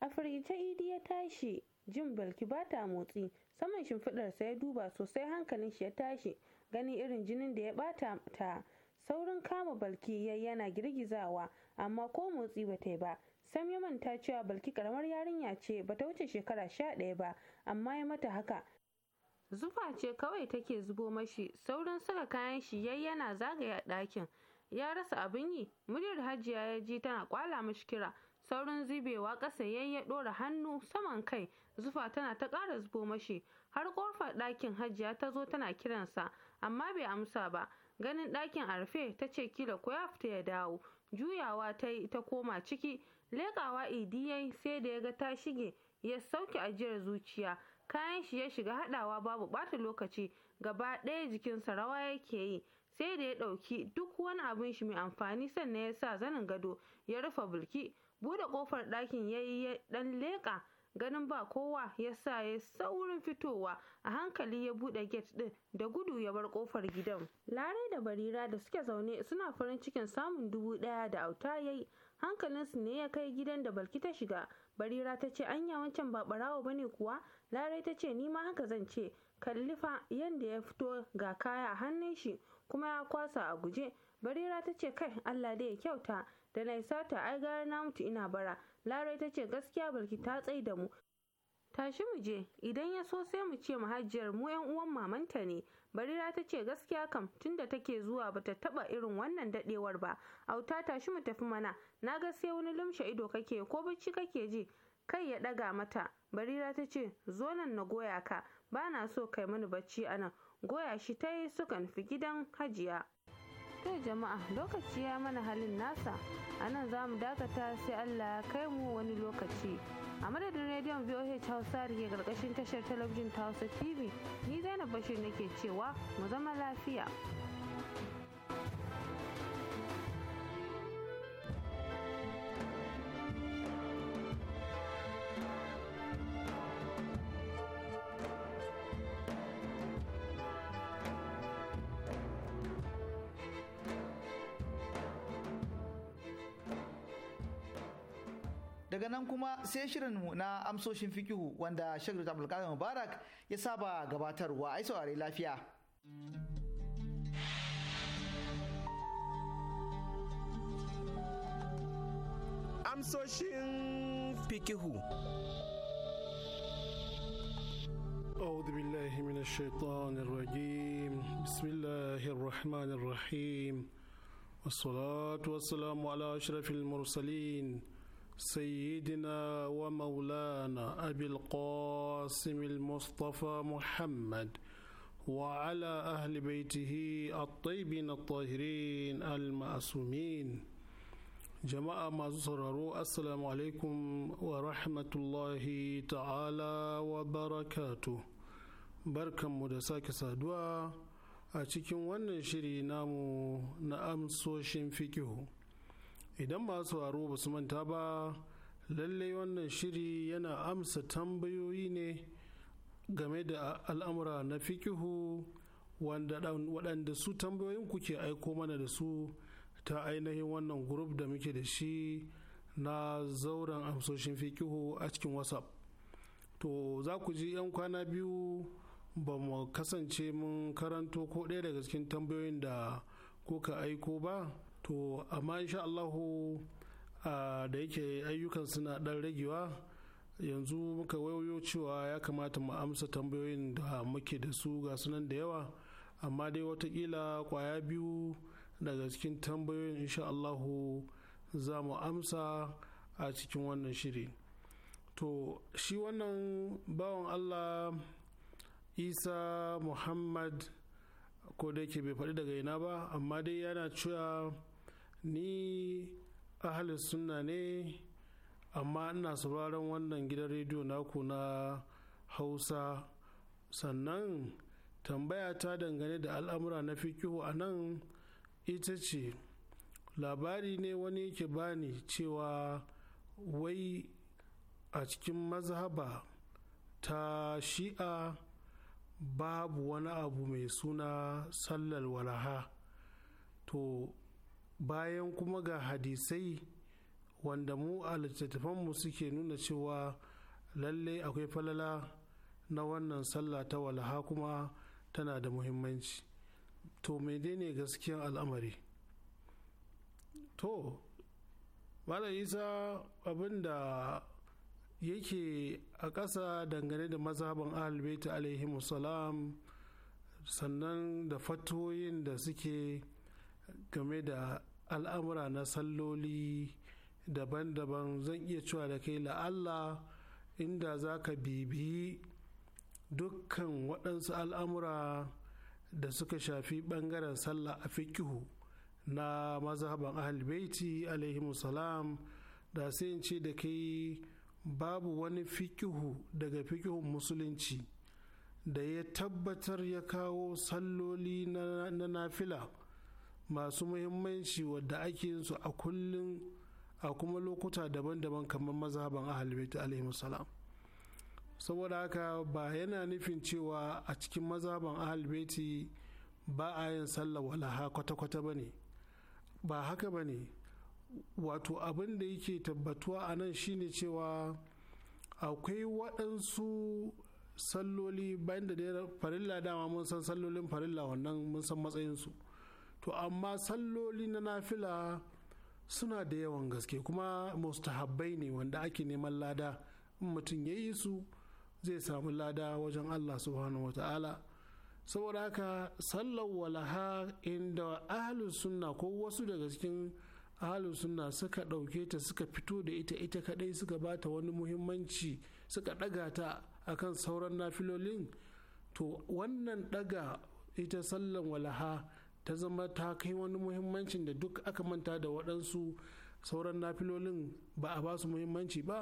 a firgice idi ya tashi jin balki ba ta motsi saman shimfiɗarsa ya duba sosai hankalin shi ya tashi gani irin jinin da ya bata ta saurin kama balki yayi yana girgizawa amma ko motsi ba ta yi ba sam ya manta cewa balki karamar yarinya ce ba ta wuce shekara sha ɗaya ba amma ya mata haka zufa ce kawai take zubo mashi saurin saka kayan shi yayi yana zagaya ɗakin ya rasa abin yi muryar hajiya ya ji tana kwala mashi kira saurin zubewa ƙasa yayi ya ɗora hannu saman kai zufa tana ta ƙara zubo mashi har ƙofar ɗakin hajiya ta zo tana kiransa amma bai amsa ba ganin ɗakin a rufe ta ce kila ko ya fita ya dawo juyawa ta yi ta koma ciki leƙawa idiyai sai da ya ga ta shige ya sauke ajiyar zuciya kayan shi ya shiga haɗawa babu ɓata lokaci gaba ɗaya jikinsa rawa yake yi sai da ya ɗauki duk wani abin shi mai amfani sannan ya sa zanin gado ya rufe bulki buɗe ƙofar ɗakin ya yi ɗan leƙa ganin ba kowa ya sa ya saurin fitowa a hankali ya buɗe gate ɗin da gudu ya bar ƙofar gidan larai da barira da suke zaune suna farin cikin samun dubu ɗaya da auta ya yi hankalinsu ne ya kai gidan da balki ta shiga barira ta ce anya wancan ba ɓarawo bane kuwa larai ta ce ni ma haka zan ce kallifa yadda ya fito ga kaya a hannun shi kuma ya kwasa a guje barira ta ce kai allah dai ya kyauta da na sata ai gara na mutu ina bara Larai ta ce gaskiya barki ta tsai da mu. Tashi mu je, idan ya so sai mu ce mahajiyar mu yan uwan mamanta ne. Barira ta ce gaskiya kam tunda take zuwa bata taba irin wannan dadewar ba. Auta tashi mu tafi mana. Na ga sai wani lumshe ido kake ko bacci kake ji. Kai ya daga mata. Barira ta ce zo nan na goya ka. Bana so kai mini bacci anan. Goya shi ta yi sukan fi gidan hajiya. To jama'a lokaci ya mana halin nasa a nan za mu dakata sai Allah ya kai mu wani lokaci. A madadin rediyon VOH Hausa da ke karkashin tashar talabijin ta Hausa TV, ni Zainab Bashir nake cewa mu zama lafiya. daga nan kuma sai shirin na amsoshin fikihu wanda shagir abdulkadir mubarak ya saba gabatarwa ai saurari lafiya amsoshin fikihu أعوذ بالله من الشيطان الرجيم بسم الله الرحمن الرحيم والصلاة والسلام على أشرف المرسلين سيدنا ومولانا أبي القاسم المصطفى محمد وعلى أهل بيته الطيبين الطاهرين المأسومين jama'a masu sauraro assalamu alaikum wa rahmatullahi ta'ala wa barakatu barkanmu da sake saduwa a cikin wannan shiri namu na amsoshin fikihu idan masu sauraro ba su manta ba lallai wannan shiri yana amsa tambayoyi ne game da al'amura na fikihu waɗanda su tambayoyin kuke aiko mana da su ta ainihin wannan group da muke da shi na zauren amsoshin fikihu a cikin whatsapp to za ku ji 'yan kwana biyu ba mu kasance mun karanto ko ɗaya daga cikin tambayoyin da kuka aiko ba to amma insha Allahu da yake ayyukan suna dan ragewa yanzu muka wayo cewa ya kamata mu amsa tambayoyin da muke da su ga sunan da yawa amma dai watakila kwaya biyu daga cikin tambayoyin insha Allahu za mu amsa a cikin wannan shiri to shi wannan bawan Allah isa muhammad ko da yake bai faɗi daga ina ba amma dai yana cewa ni ahalin sunna ne amma ina sauraron wannan gidan rediyo naku na hausa sannan tambaya ta dangane da al'amura na fikihu a nan ita ce labari ne wani yake bani cewa wai a cikin mazhaba ta shi'a babu wani abu mai suna sallar walaha to bayan kuma ga hadisai wanda mu a littattafanmu suke nuna cewa lalle akwai falala na wannan sallah ta walaha kuma tana da muhimmanci to ne gaskiyan al'amari to malam isa abinda yake a ƙasa dangane da mazhaban ahalbaita alaihi salam sannan da fatoyin da suke game da al'amura na salloli daban-daban zan iya cewa da kai la'alla inda za ka bibi dukkan waɗansu al'amura da suka shafi ɓangaren sallah a fikihu na mazhaban ahalbaiti salam da sai ce da kai babu wani fikihu daga fikihun musulunci da ya tabbatar ya kawo salloli na nafila masu muhimmanci wadda ake yin su a kullum a kuma lokuta daban-daban kamar mazhaban ahalibaitu alaihi salam saboda haka ba yana nufin cewa a cikin mazhaban ahalibaitu ba a yin sallah walaha kwata-kwata ba ne ba haka ba ne wato abin da yake tabbatuwa a nan shine cewa akwai waɗansu salloli bayan da farilla dama mun san sallolin farilla wannan mun san matsayinsu to amma salloli na nafila suna da yawan gaske kuma mustahabbai ne wanda ake neman lada in mutum ya yi su zai samu lada wajen allah subhanahu wa ta'ala saboda haka sallar walaha inda ahalin sunna ko wasu daga cikin ahalin sunna suka ɗauke ta suka fito da ita ita kadai suka ba ta wani muhimmanci suka ɗaga ta akan sauran nafilolin to wannan ɗaga ita sallar walaha ta zama ta kai wani muhimmancin da duk aka manta da waɗansu sauran nafilolin ba a ba su muhimmanci ba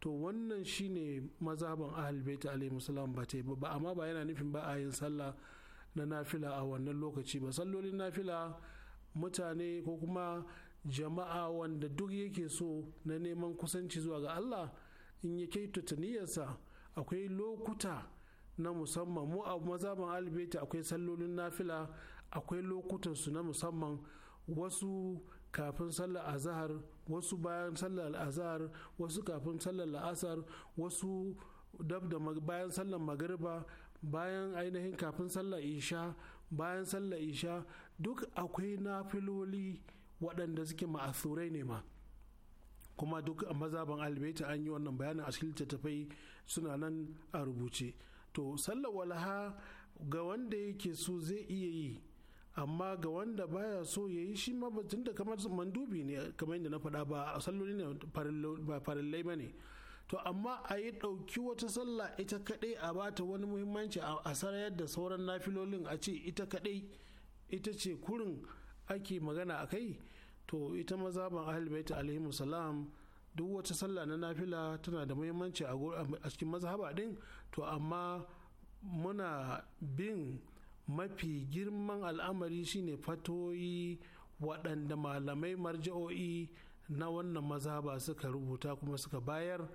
to wannan shine mazaban ahal baita alaihi musulam ba ta yi ba amma ba yana nufin ba a yin sallah na nafila a wannan lokaci ba sallolin nafila mutane ko kuma jama'a wanda duk yake so na neman kusanci zuwa ga Allah in ya kai niyyarsa akwai lokuta na musamman mu a mazaban albaita akwai sallolin nafila akwai su na musamman wasu kafin sallar azahar wasu bayan sallar azahar wasu kafin sallar la'asar wasu dab da bayan sallar magariba bayan ainihin kafin sallar isha bayan sallar isha duk akwai nafiloli waɗanda suke ma'asurai ne ma kuma duk a mazaban albaita an yi wannan bayanin a cikin littattafai suna nan a rubuce to sallar walaha ga wanda yake so zai iya yi amma ga wanda baya so ya yi shi mabatun da kamar mandubi ne kamar yadda na faɗa ba a salloli ne ba farillai ba ne to amma a yi ɗauki wata sallah ita kaɗai a bata wani muhimmanci a sarayar da sauran nafilolin a ce ita kaɗai ita ce kurin ake magana a kai to ita mazaban ahalibaita alaihi salam duk wata sallah na nafila tana da muhimmanci a cikin mazhaba ɗin to amma muna bin mafi girman al'amari shine fatoyi waɗanda malamai marja'o'i na wannan maza ba suka rubuta kuma suka bayar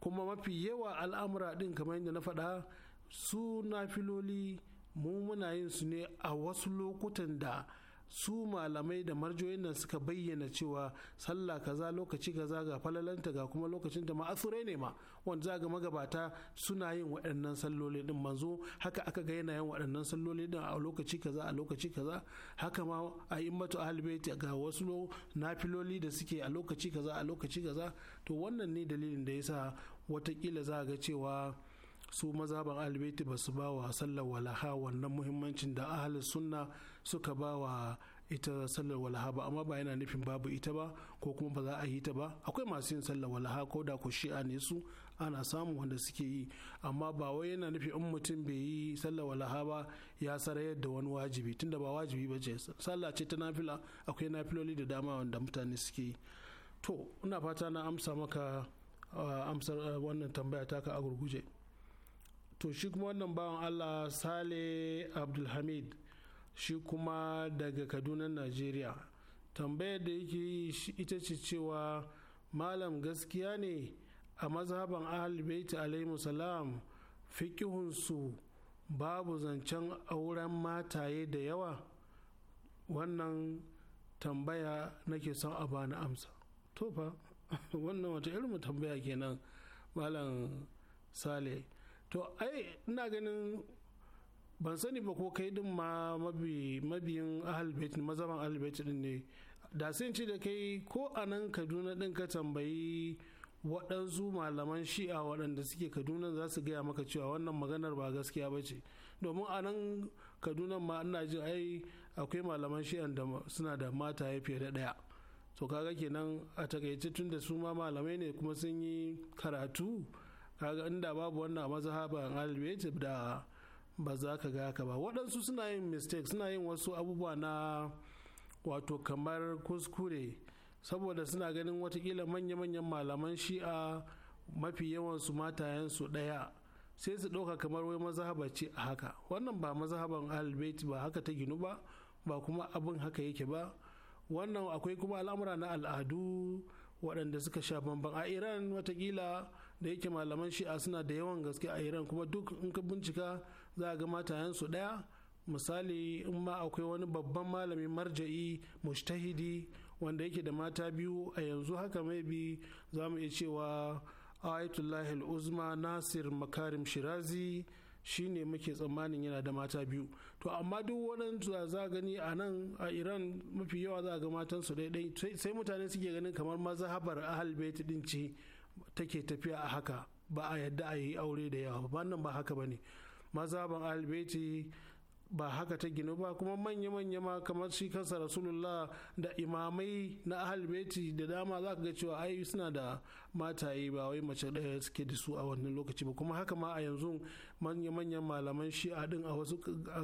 kuma mafi yawa al'amura ɗin kamar yadda na faɗa su na filoli mu muna yin su ne a wasu lokutan da su malamai da marjoyin nan suka bayyana cewa sallah kaza lokaci kaza ga falalanta ga kuma lokacin da ma'asurai ne ma wanda za ga magabata suna yin waɗannan salloli din manzo haka aka ga yana yin waɗannan salloli din a lokaci kaza a lokaci kaza haka ma a immatu ahlbayt ga wasu nafiloli da suke a lokaci kaza a lokaci kaza to wannan ne dalilin da ya sa watakila za ga cewa su mazaban ahlbayt ba su ba wa sallar walaha wannan muhimmancin da ahlus sunna suka ba wa ita sallar walaha ba amma ba yana nufin babu ita ba ko kuma ba za a yi ta ba akwai masu yin sallar walaha ko da ku shi'a ne su ana samu wanda suke yi amma ba wai yana nufi in mutum bai yi sallar walaha ba ya sarayar yadda wani wajibi tunda ba wajibi ba ce sallah ce ta nafila akwai nafiloli da dama wanda mutane suke yi to ina fata na amsa maka ah, amsar ah, wannan tambaya taka a gurguje to shi kuma wannan bawan allah sale abdulhamid shi kuma daga kaduna najeriya tambayar da yake yi ita ce cewa malam gaskiya ne a mazhaban ahalbaiti alaihi salam fikihunsu babu zancen auren mataye da yawa wannan tambaya nake son a bani amsa to fa [LAUGHS] wannan wata irin tambaya kenan malam sale to ai ina ganin ban sani ba ko kai din ma mabiyin ahalbait mazaban ahalbeti din ne da sun ci da kai ko a nan kaduna din ka tambayi waɗansu malaman shi'a waɗanda suke kaduna za su gaya maka cewa wannan maganar ba gaskiya ba ce domin a nan kaduna ma ina jin ai akwai malaman shi'a da suna da mata ya fiye da ɗaya to kaga kenan a takaice tun da su ma malamai ne kuma sun yi karatu kaga inda babu wannan a mazhaban da ba za ka ga haka ba waɗansu suna yin mistake suna yin wasu abubuwa na wato kamar kuskure saboda suna ganin watakila manya-manyan malaman shi'a mafi yawan mata matayensu ɗaya sai su ɗauka kamar wai mazahaba ce a haka wannan ba mazahaban albait ba haka ta ginu ba ba kuma abin haka yake ba wannan akwai kuma al'amura na al'adu waɗanda suka sha bamban a iran watakila da yake malaman shi'a suna da yawan gaske a iran kuma duk in ka bincika za a ga matayensu ɗaya misali in ma akwai wani babban malami marja'i mushtahidi wanda yake da mata biyu a yanzu haka mai bi za mu iya cewa ayatullah uzma nasir makarim shirazi shine muke tsammanin yana da mata biyu to amma duk wannan za a gani a nan a iran mafi yawa za a ga matansu daidai sai mutane suke ganin kamar mazahabar ahal bait din ce take tafiya a haka ba a yadda a yi aure da yawa ba nan ba haka ba ne mazaban albeti ba haka ta ginu ba kuma manya-manya ma kamar shi kansa rasulullah da imamai na albeti da dama za ka ga cewa ai suna da mataye ba wai mace ɗaya suke da su a wannan lokaci ba kuma haka ma a yanzu manya-manyan malaman shi'a din a wasu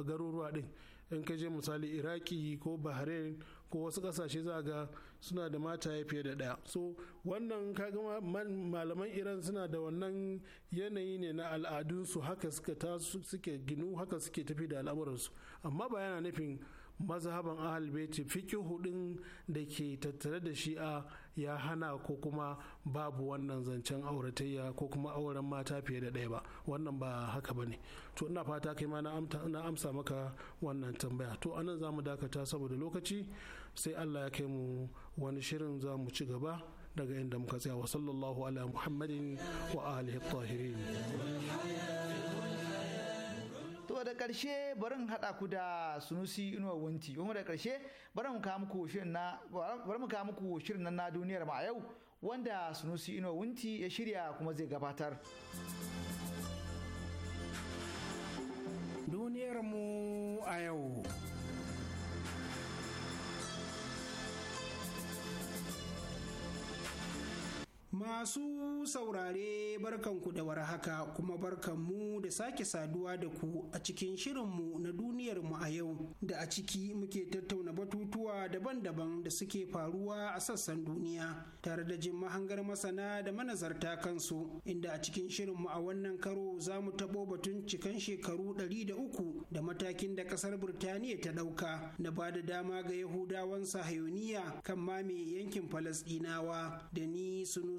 garuruwa din in ka je misali iraki ko bahrain ko wasu kasashe za ga suna da mata ya fiye da ɗaya so wannan kaga malaman iran suna da wannan yanayi ne na al'adunsu haka suka tasu suke ginu haka suke tafi da al'amuransu amma ba yana nufin mazhaban ahal beti fiqihu hudun da ke tattare da shi'a ya hana ko kuma babu wannan zancen auratayya ko kuma auren mata fiye da ɗaya ba wannan ba haka ba ne to ina fata kai ma na amsa maka wannan tambaya to anan zamu dakata saboda lokaci sai allah ya kai mu wani shirin za mu ci gaba daga inda muka tsaya wa sallallahu ala muhammadin wa alihi tahirin to da karshe barin hada ku da sunusi inuwa wanti kuma da karshe barin mu kawo muku shirin na barin mu kawo muku shirin na duniyar ma a yau wanda sunusi inuwa wunti ya shirya kuma zai gabatar duniyar mu a yau Masu saurare barkan ku da warhaka kuma barkanmu da sake saduwa da ku a cikin shirinmu na duniyarmu a yau da a ciki muke tattauna batutuwa daban-daban da suke faruwa a sassan duniya tare da jin mahangar masana da manazarta kansu inda a cikin shirinmu a wannan karo za mu taɓo batun cikan shekaru ɗari da uku da matakin da ƙasar Birtaniya ta ɗauka na ba da dama ga Yahudawan Sahayoniya kan mame yankin Falasɗinawa da ni sunu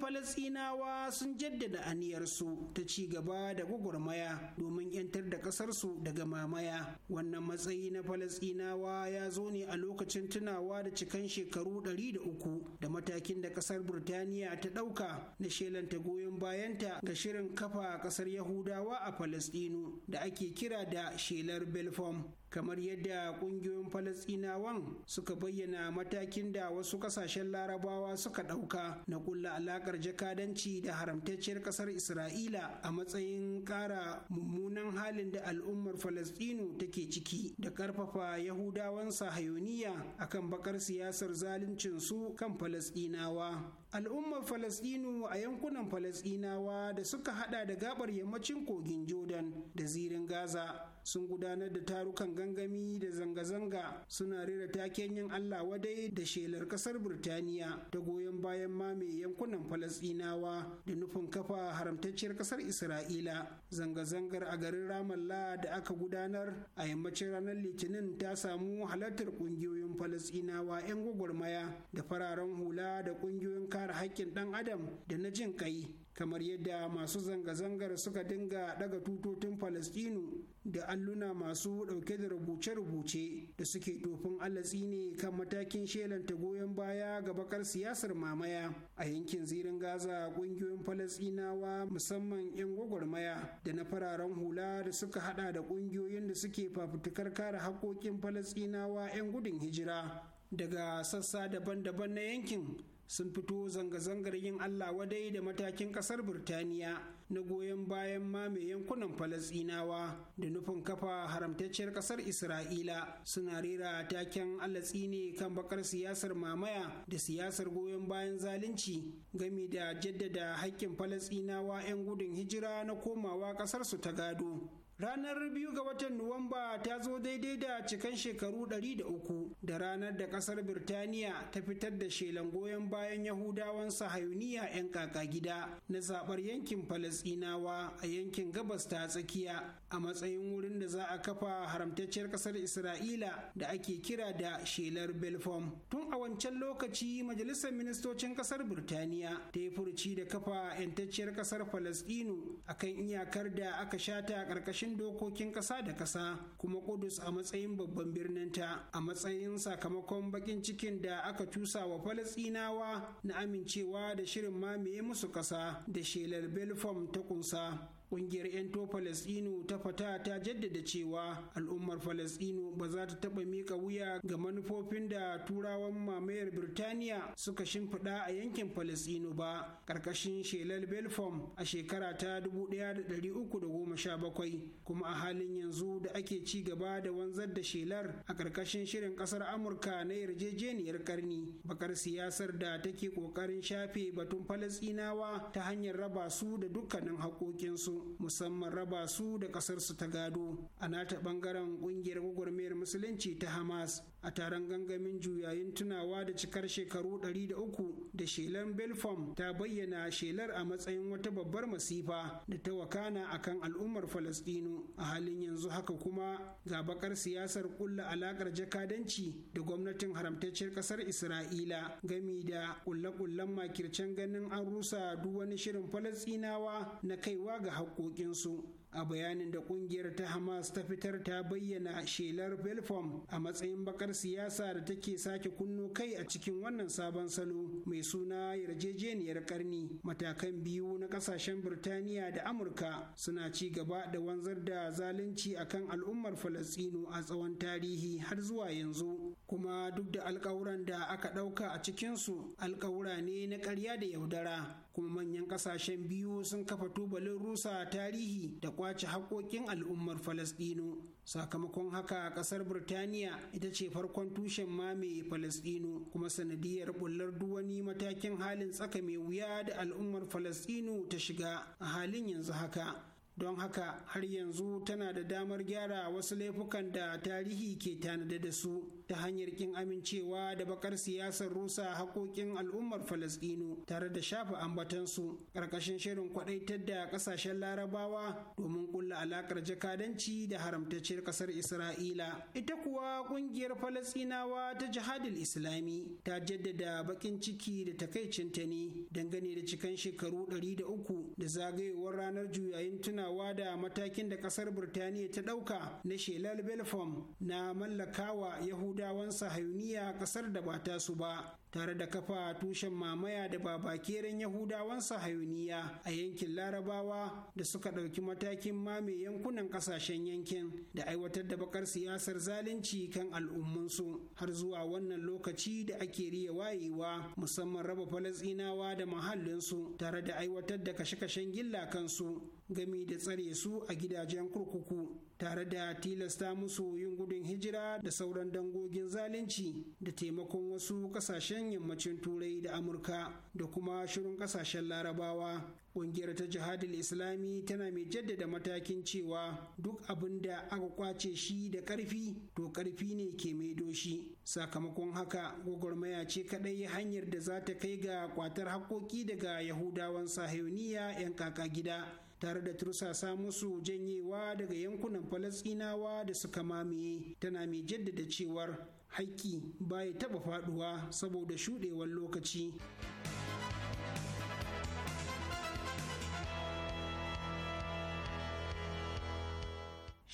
falasinawa sun jaddada aniyarsu ta ci gaba da gwagwarmaya domin 'yantar da ƙasarsu daga mamaya wannan matsayi na falasinawa ya zo ne a lokacin tunawa da cikan shekaru 300 da matakin da ƙasar burtaniya ta ɗauka na shelanta goyon bayanta ga shirin kafa ƙasar yahudawa a falasɗinu da ake kira da shelar belfom kamar yadda kungiyoyin falasinawan suka bayyana matakin da wasu kasashen larabawa suka ɗauka na kulla alakar jakadanci da haramtacciyar ƙasar isra'ila a matsayin ƙara mummunan halin da al'ummar falasɗinu take ciki da ƙarfafa yahudawan sahayoniya akan bakar siyasar zaluncin su kan falasɗinawa al'ummar falasɗinu a yankunan falasɗinawa da suka hada da gabar yammacin kogin jordan da zirin gaza sun gudanar da tarukan gangami da zanga-zanga suna rera taken yin Allah wadai da shelar kasar Birtaniya ta goyon bayan mame yankunan Falasɗinawa da nufin kafa haramtacciyar kasar Isra'ila. Zanga-zangar a garin Ramallah da aka gudanar a yammacin ranar Litinin ta samu halartar ƙungiyoyin Falasɗinawa 'yan gwagwarmaya da fararen hula da ƙungiyoyin kare haƙƙin ɗan adam da na jin kai kamar yadda masu zanga-zangar suka dinga daga tutotin Falasɗinu da alluna masu dauke da rubuce-rubuce da suke tofin alatsi ne kan matakin shelanta goyon baya ga bakar siyasar mamaya a yankin zirin gaza ƙungiyoyin falasinawa musamman 'yan gwagwarmaya da na fararen hula da suka hada da ƙungiyoyin da suke fafutukar kare hakokin falasinawa 'yan gudun hijira daga sassa daban-daban na yankin sun fito zanga-zangar yin allah wadai da matakin ƙasar birtaniya na goyon bayan mame yankunan falasinawa da nufin kafa haramtacciyar kasar isra'ila suna rera taken allatsi ne kan bakar siyasar mamaya da siyasar goyon bayan zalunci gami da jaddada haƙƙin falasinawa 'yan gudun hijira na komawa ƙasarsu ta gado Ranar biyu ga watan Nuwamba ta zo daidai da cikan shekaru 300 da ranar da kasar Birtaniya ta fitar da shelan goyon bayan Yahudawan Sahayuniya 'yan kaka gida na zabar yankin Falasɗinawa a yankin gabas ta tsakiya a matsayin wurin da za a kafa haramtacciyar kasar isra'ila da ake kira da shelar belfom tun a wancan lokaci majalisar ministocin kasar birtaniya ta yi furci da kafa yantacciyar kasar a kan iyakar da aka shata a ƙarƙashin dokokin ƙasa da ƙasa kuma kudus a matsayin babban birnin ta a matsayin sakamakon baƙin cikin da aka cusa wa falastinawa na amincewa da shirin mamaye musu ƙasa da shelar belfom ta kunsa Ƙungiyar 'yan to Falasɗinu ta fata ta jaddada cewa al'ummar Falasɗinu ba za ta taɓa mika wuya ga manufofin da turawan mamayar Birtaniya suka shimfiɗa a yankin Falasɗinu ba ƙarƙashin shelar Belfom a shekara ta 1317 kuma a halin yanzu da ake ci gaba da wanzar da shelar a ƙarƙashin shirin ƙasar Amurka na yarjejeniyar ƙarni bakar siyasar da take ƙoƙarin shafe batun Falasdinawa ta hanyar raba su da dukkanin haƙoƙinsu. musamman raba su da ƙasarsu ta gado a nata bangaren kungiyar gwagwarmayar musulunci ta hamas a taron gangamin juyayin tunawa da cikar shekaru 300 da shelar belfam ta bayyana shelar a matsayin wata babbar masifa da ta wakana kan al'ummar falasdino a halin yanzu haka kuma ga bakar siyasar kulla alakar jakadanci da gwamnatin haramtacciyar kasar isra'ila gami da kulle-kullen makircen ganin an rusa duk wani shirin Falasdinawa na kaiwa ga haƙoƙinsu a bayanin da kungiyar ta hamas ta fitar ta bayyana shelar belfom a matsayin bakar siyasa da take sake kunno kai a cikin wannan sabon salo mai suna yarjejeniyar karni matakan biyu na kasashen birtaniya da amurka suna ci gaba da wanzar da zalunci akan al'ummar falastinu a tsawon tarihi har zuwa yanzu kuma duk da alkawuran da aka ɗauka a cikinsu alkawura ne na ƙarya da yaudara kuma manyan kasashen biyu sun kafa tubalin rusa tarihi da kwace haƙoƙin al'ummar falasɗinu sakamakon haka ƙasar birtaniya ita ce farkon tushen mame falasɗinu kuma sanadiyar bullar duwani matakin halin tsaka mai wuya da al'ummar falasɗinu ta shiga a halin yanzu haka don haka har yanzu tana da damar gyara wasu laifukan da tarihi ke tanada da su ta hanyar kin amincewa da bakar siyasar rusa hakokin al'ummar falasɗinu tare da shafa ambatansu ƙarƙashin shirin kwaɗaitar da ƙasashen larabawa domin ƙulla alaƙar jakadanci da haramtacciyar ƙasar isra'ila ita kuwa ƙungiyar falasɗinawa ta jihadul islami ta jaddada baƙin ciki da takaicinta ne dangane da cikan shekaru ɗari da uku da zagayowar ranar juyayin tunawa da matakin da ƙasar birtaniya ta ɗauka na shelal belfom na mallakawa yahudu yahudawan sahayuniya kasar da ba ta su ba tare da kafa tushen mamaya da babakeren yahudawan sahayuniya a yankin larabawa da suka ɗauki matakin mame yankunan ƙasashen yankin da aiwatar da bakar siyasar zalunci kan al'ummansu har zuwa wannan lokaci da ake riya wayewa musamman raba falasinawa da mahallinsu tare da aiwatar da kashe-kashen gilla kansu gami da tsare su a gidajen kurkuku tare da tilasta musu yin gudun hijira da sauran dangogin zalunci da taimakon wasu kasashen yammacin turai da amurka da kuma shirin kasashen larabawa ƙungiyar ta jihadul islami tana mai jaddada matakin cewa duk abin da aka kwace shi da ƙarfi to ƙarfi ne ke maido shi sakamakon haka gwagwarmaya ce kaɗai hanyar da za ta kai ga kwatar haƙƙoƙi daga yahudawan sahiyoniya 'yan kaka gida tare da tursasa musu janyewa daga yankunan falasɗinawa da suka mamaye tana mai jaddada cewar haƙƙi baya taɓa faɗuwa saboda shuɗewar lokaci.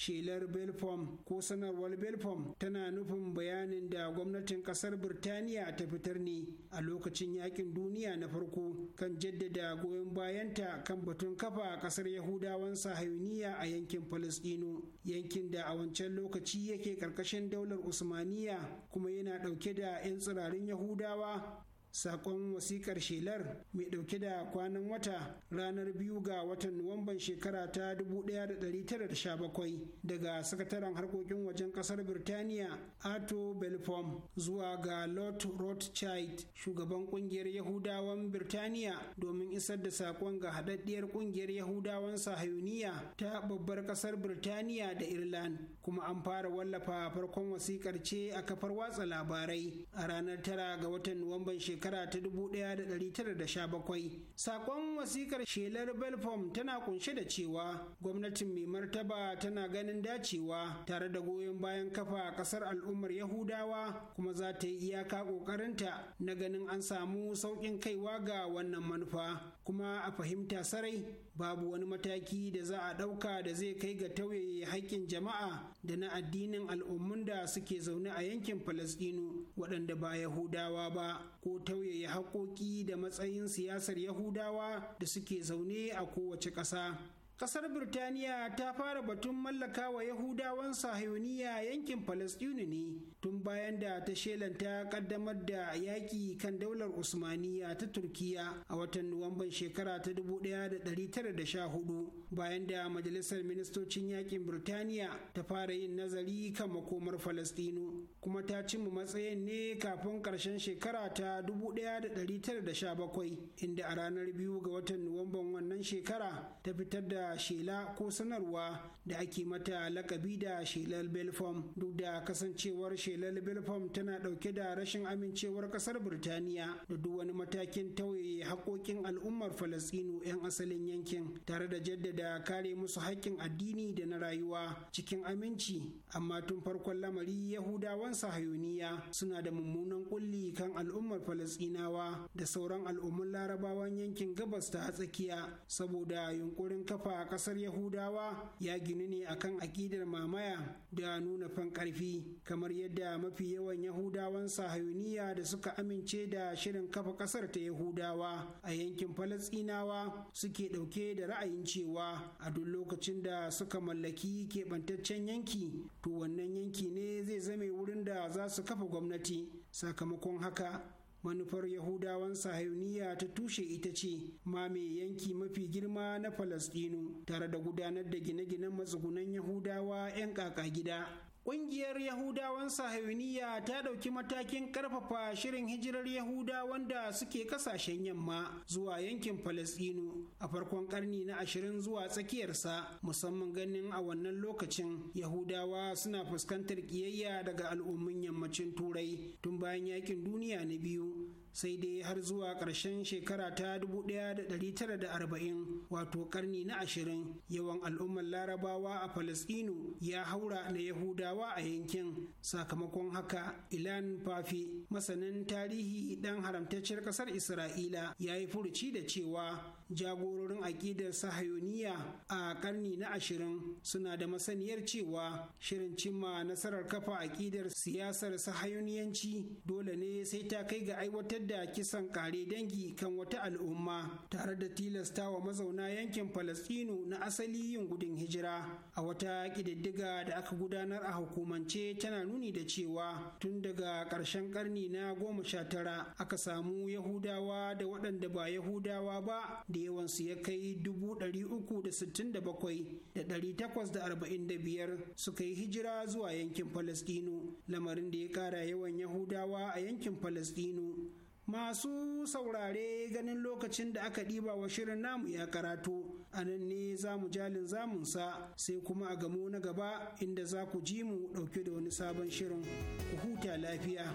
shelar belfom ko sanarwar belfom tana nufin bayanin da gwamnatin kasar birtaniya ta fitar ne a lokacin yakin duniya na farko kan jaddada goyon bayanta kan batun kafa kasar yahudawan sahayuniya a yankin falasdino yankin da a wancan lokaci yake karkashin daular usmaniya kuma yana dauke da 'yan tsirarin yahudawa sakon wasikar shelar mai dauke da kwanan wata ranar biyu ga watan nuwamban shekara ta 1917 daga sakataren harkokin wajen kasar birtaniya ato belfom zuwa ga lord rothschild shugaban kungiyar yahudawan birtaniya domin isar da sakon ga haɗaɗɗiyar kungiyar yahudawan sahayuniya ta babbar kasar birtaniya da ireland kuma an fara wallafa farkon wasikar ce a kafar watsa labarai a ranar tara ga watan nuwamban shekara shekara ta 1917 sakon wasikar shelar belfom tana kunshe da cewa gwamnatin mai martaba tana ganin dacewa tare da goyon bayan kafa kasar al'ummar yahudawa kuma za ta yi iyaka ƙoƙarinta na ganin an samu sauƙin kaiwa ga wannan manufa kuma a fahimta sarai babu wani mataki da za a ɗauka da zai kai ga tauye haƙƙin jama'a da na addinin al'ummun da suke zaune a yankin falasɗinu waɗanda ba yahudawa ba ko tauye haƙoƙi da matsayin siyasar yahudawa da suke zaune a kowace ƙasa Ƙasar Birtaniya ta fara batun mallaka wa Yahudawan sahayoniya yankin Falasɗinu ne tun bayan da ta shelanta ƙaddamar da yaƙi kan daular Usmaniyya ta Turkiyya a watan Nuwamban shekara ta 1914 bayan da Majalisar Ministocin Yaƙin Birtaniya ta fara yin nazari kan makomar Falasɗinu kuma ta cimma matsayin ne kafin ƙarshen shekara ta 1917 inda a ranar biyu ga watan Nuwamban wannan shekara ta fitar da shela ko sanarwa da ake mata lakabi da shelar belfom duk da kasancewar shelar belfom tana dauke da rashin amincewar kasar birtaniya da duk wani matakin tauye haƙoƙin al'ummar falastinu 'yan asalin yankin tare da jaddada kare musu haƙƙin addini da na rayuwa cikin aminci amma tun farkon lamari yahudawan sahayoniya suna da mummunan kulli kan al'ummar falastinawa da sauran al'ummar larabawan yankin gabas ta tsakiya saboda yunkurin kafa a kasar yahudawa ya ginu ne akan akidar mamaya da nuna fan karfi kamar yadda mafi yawan yahudawan sahayuniya da suka amince da shirin kafa kasar ta yahudawa a yankin falasinawa suke ɗauke da ra'ayin cewa a duk lokacin da suka mallaki keɓantaccen yanki to wannan yanki ne zai zame wurin da za su kafa gwamnati sakamakon haka manufar yahudawan sahayuniya ta tushe ita ce ma mai yanki mafi girma na falasɗinu tare da gudanar da gine-ginen matsugunan yahudawa 'yan kaka gida Ƙungiyar Yahudawan Sahayuniya ta ɗauki matakin ƙarfafa shirin hijirar Yahuda wanda suke ƙasashen yamma zuwa yankin Falasɗinu a farkon ƙarni na ashirin zuwa tsakiyarsa musamman ganin a wannan lokacin Yahudawa suna fuskantar ƙiyayya daga al'ummin yammacin Turai tun bayan yaƙin duniya na biyu sai dai har zuwa ƙarshen shekara ta 1940 wato karni na ashirin yawan al'ummar larabawa a falasɗinu ya haura na yahudawa a yankin sakamakon haka ilan fafi masanin tarihi dan haramtacciyar ƙasar isra'ila ya yi furuci da cewa jagororin aƙidar sahayoniya a ƙarni na ashirin suna da masaniyar cewa shirin cimma nasarar kafa aƙidar siyasar sahayoniyanci dole ne sai ta kai ga aiwatar da kisan ƙare dangi kan wata al'umma tare da tilasta wa mazauna yankin falastinu na asali yin gudun hijira a wata ƙididdiga da aka gudanar a hukumance tana nuni da cewa tun daga ƙarshen ƙarni na goma sha tara aka samu yahudawa da waɗanda ba yahudawa ba da yawansu ya kai 367,845 suka yi hijira zuwa yankin Falasɗinu, lamarin da ya ƙara yawan Yahudawa a yankin Falasɗinu. Masu saurare ganin lokacin da aka ɗiba wa shirin namu ya karatu, a nan ne za mu jalin zamunsa sai kuma a gamo na gaba inda za ku ji mu ɗauke da wani sabon shirin, ku huta lafiya.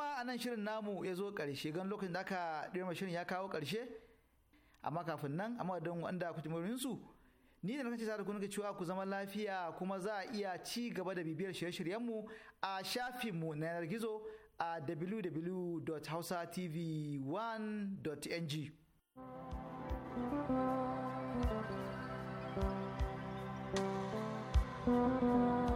kuma a nan shirin namu ya zo ƙarshe gan lokacin da aka ɗirma shirin ya kawo ƙarshe amma kafin nan amma don wanda ku ji su ni da nake tare ku nake cewa ku zama lafiya kuma za a iya ci gaba da bibiyar shirye-shiryenmu a shafinmu na yanar gizo a www.hausatv1.ng thank you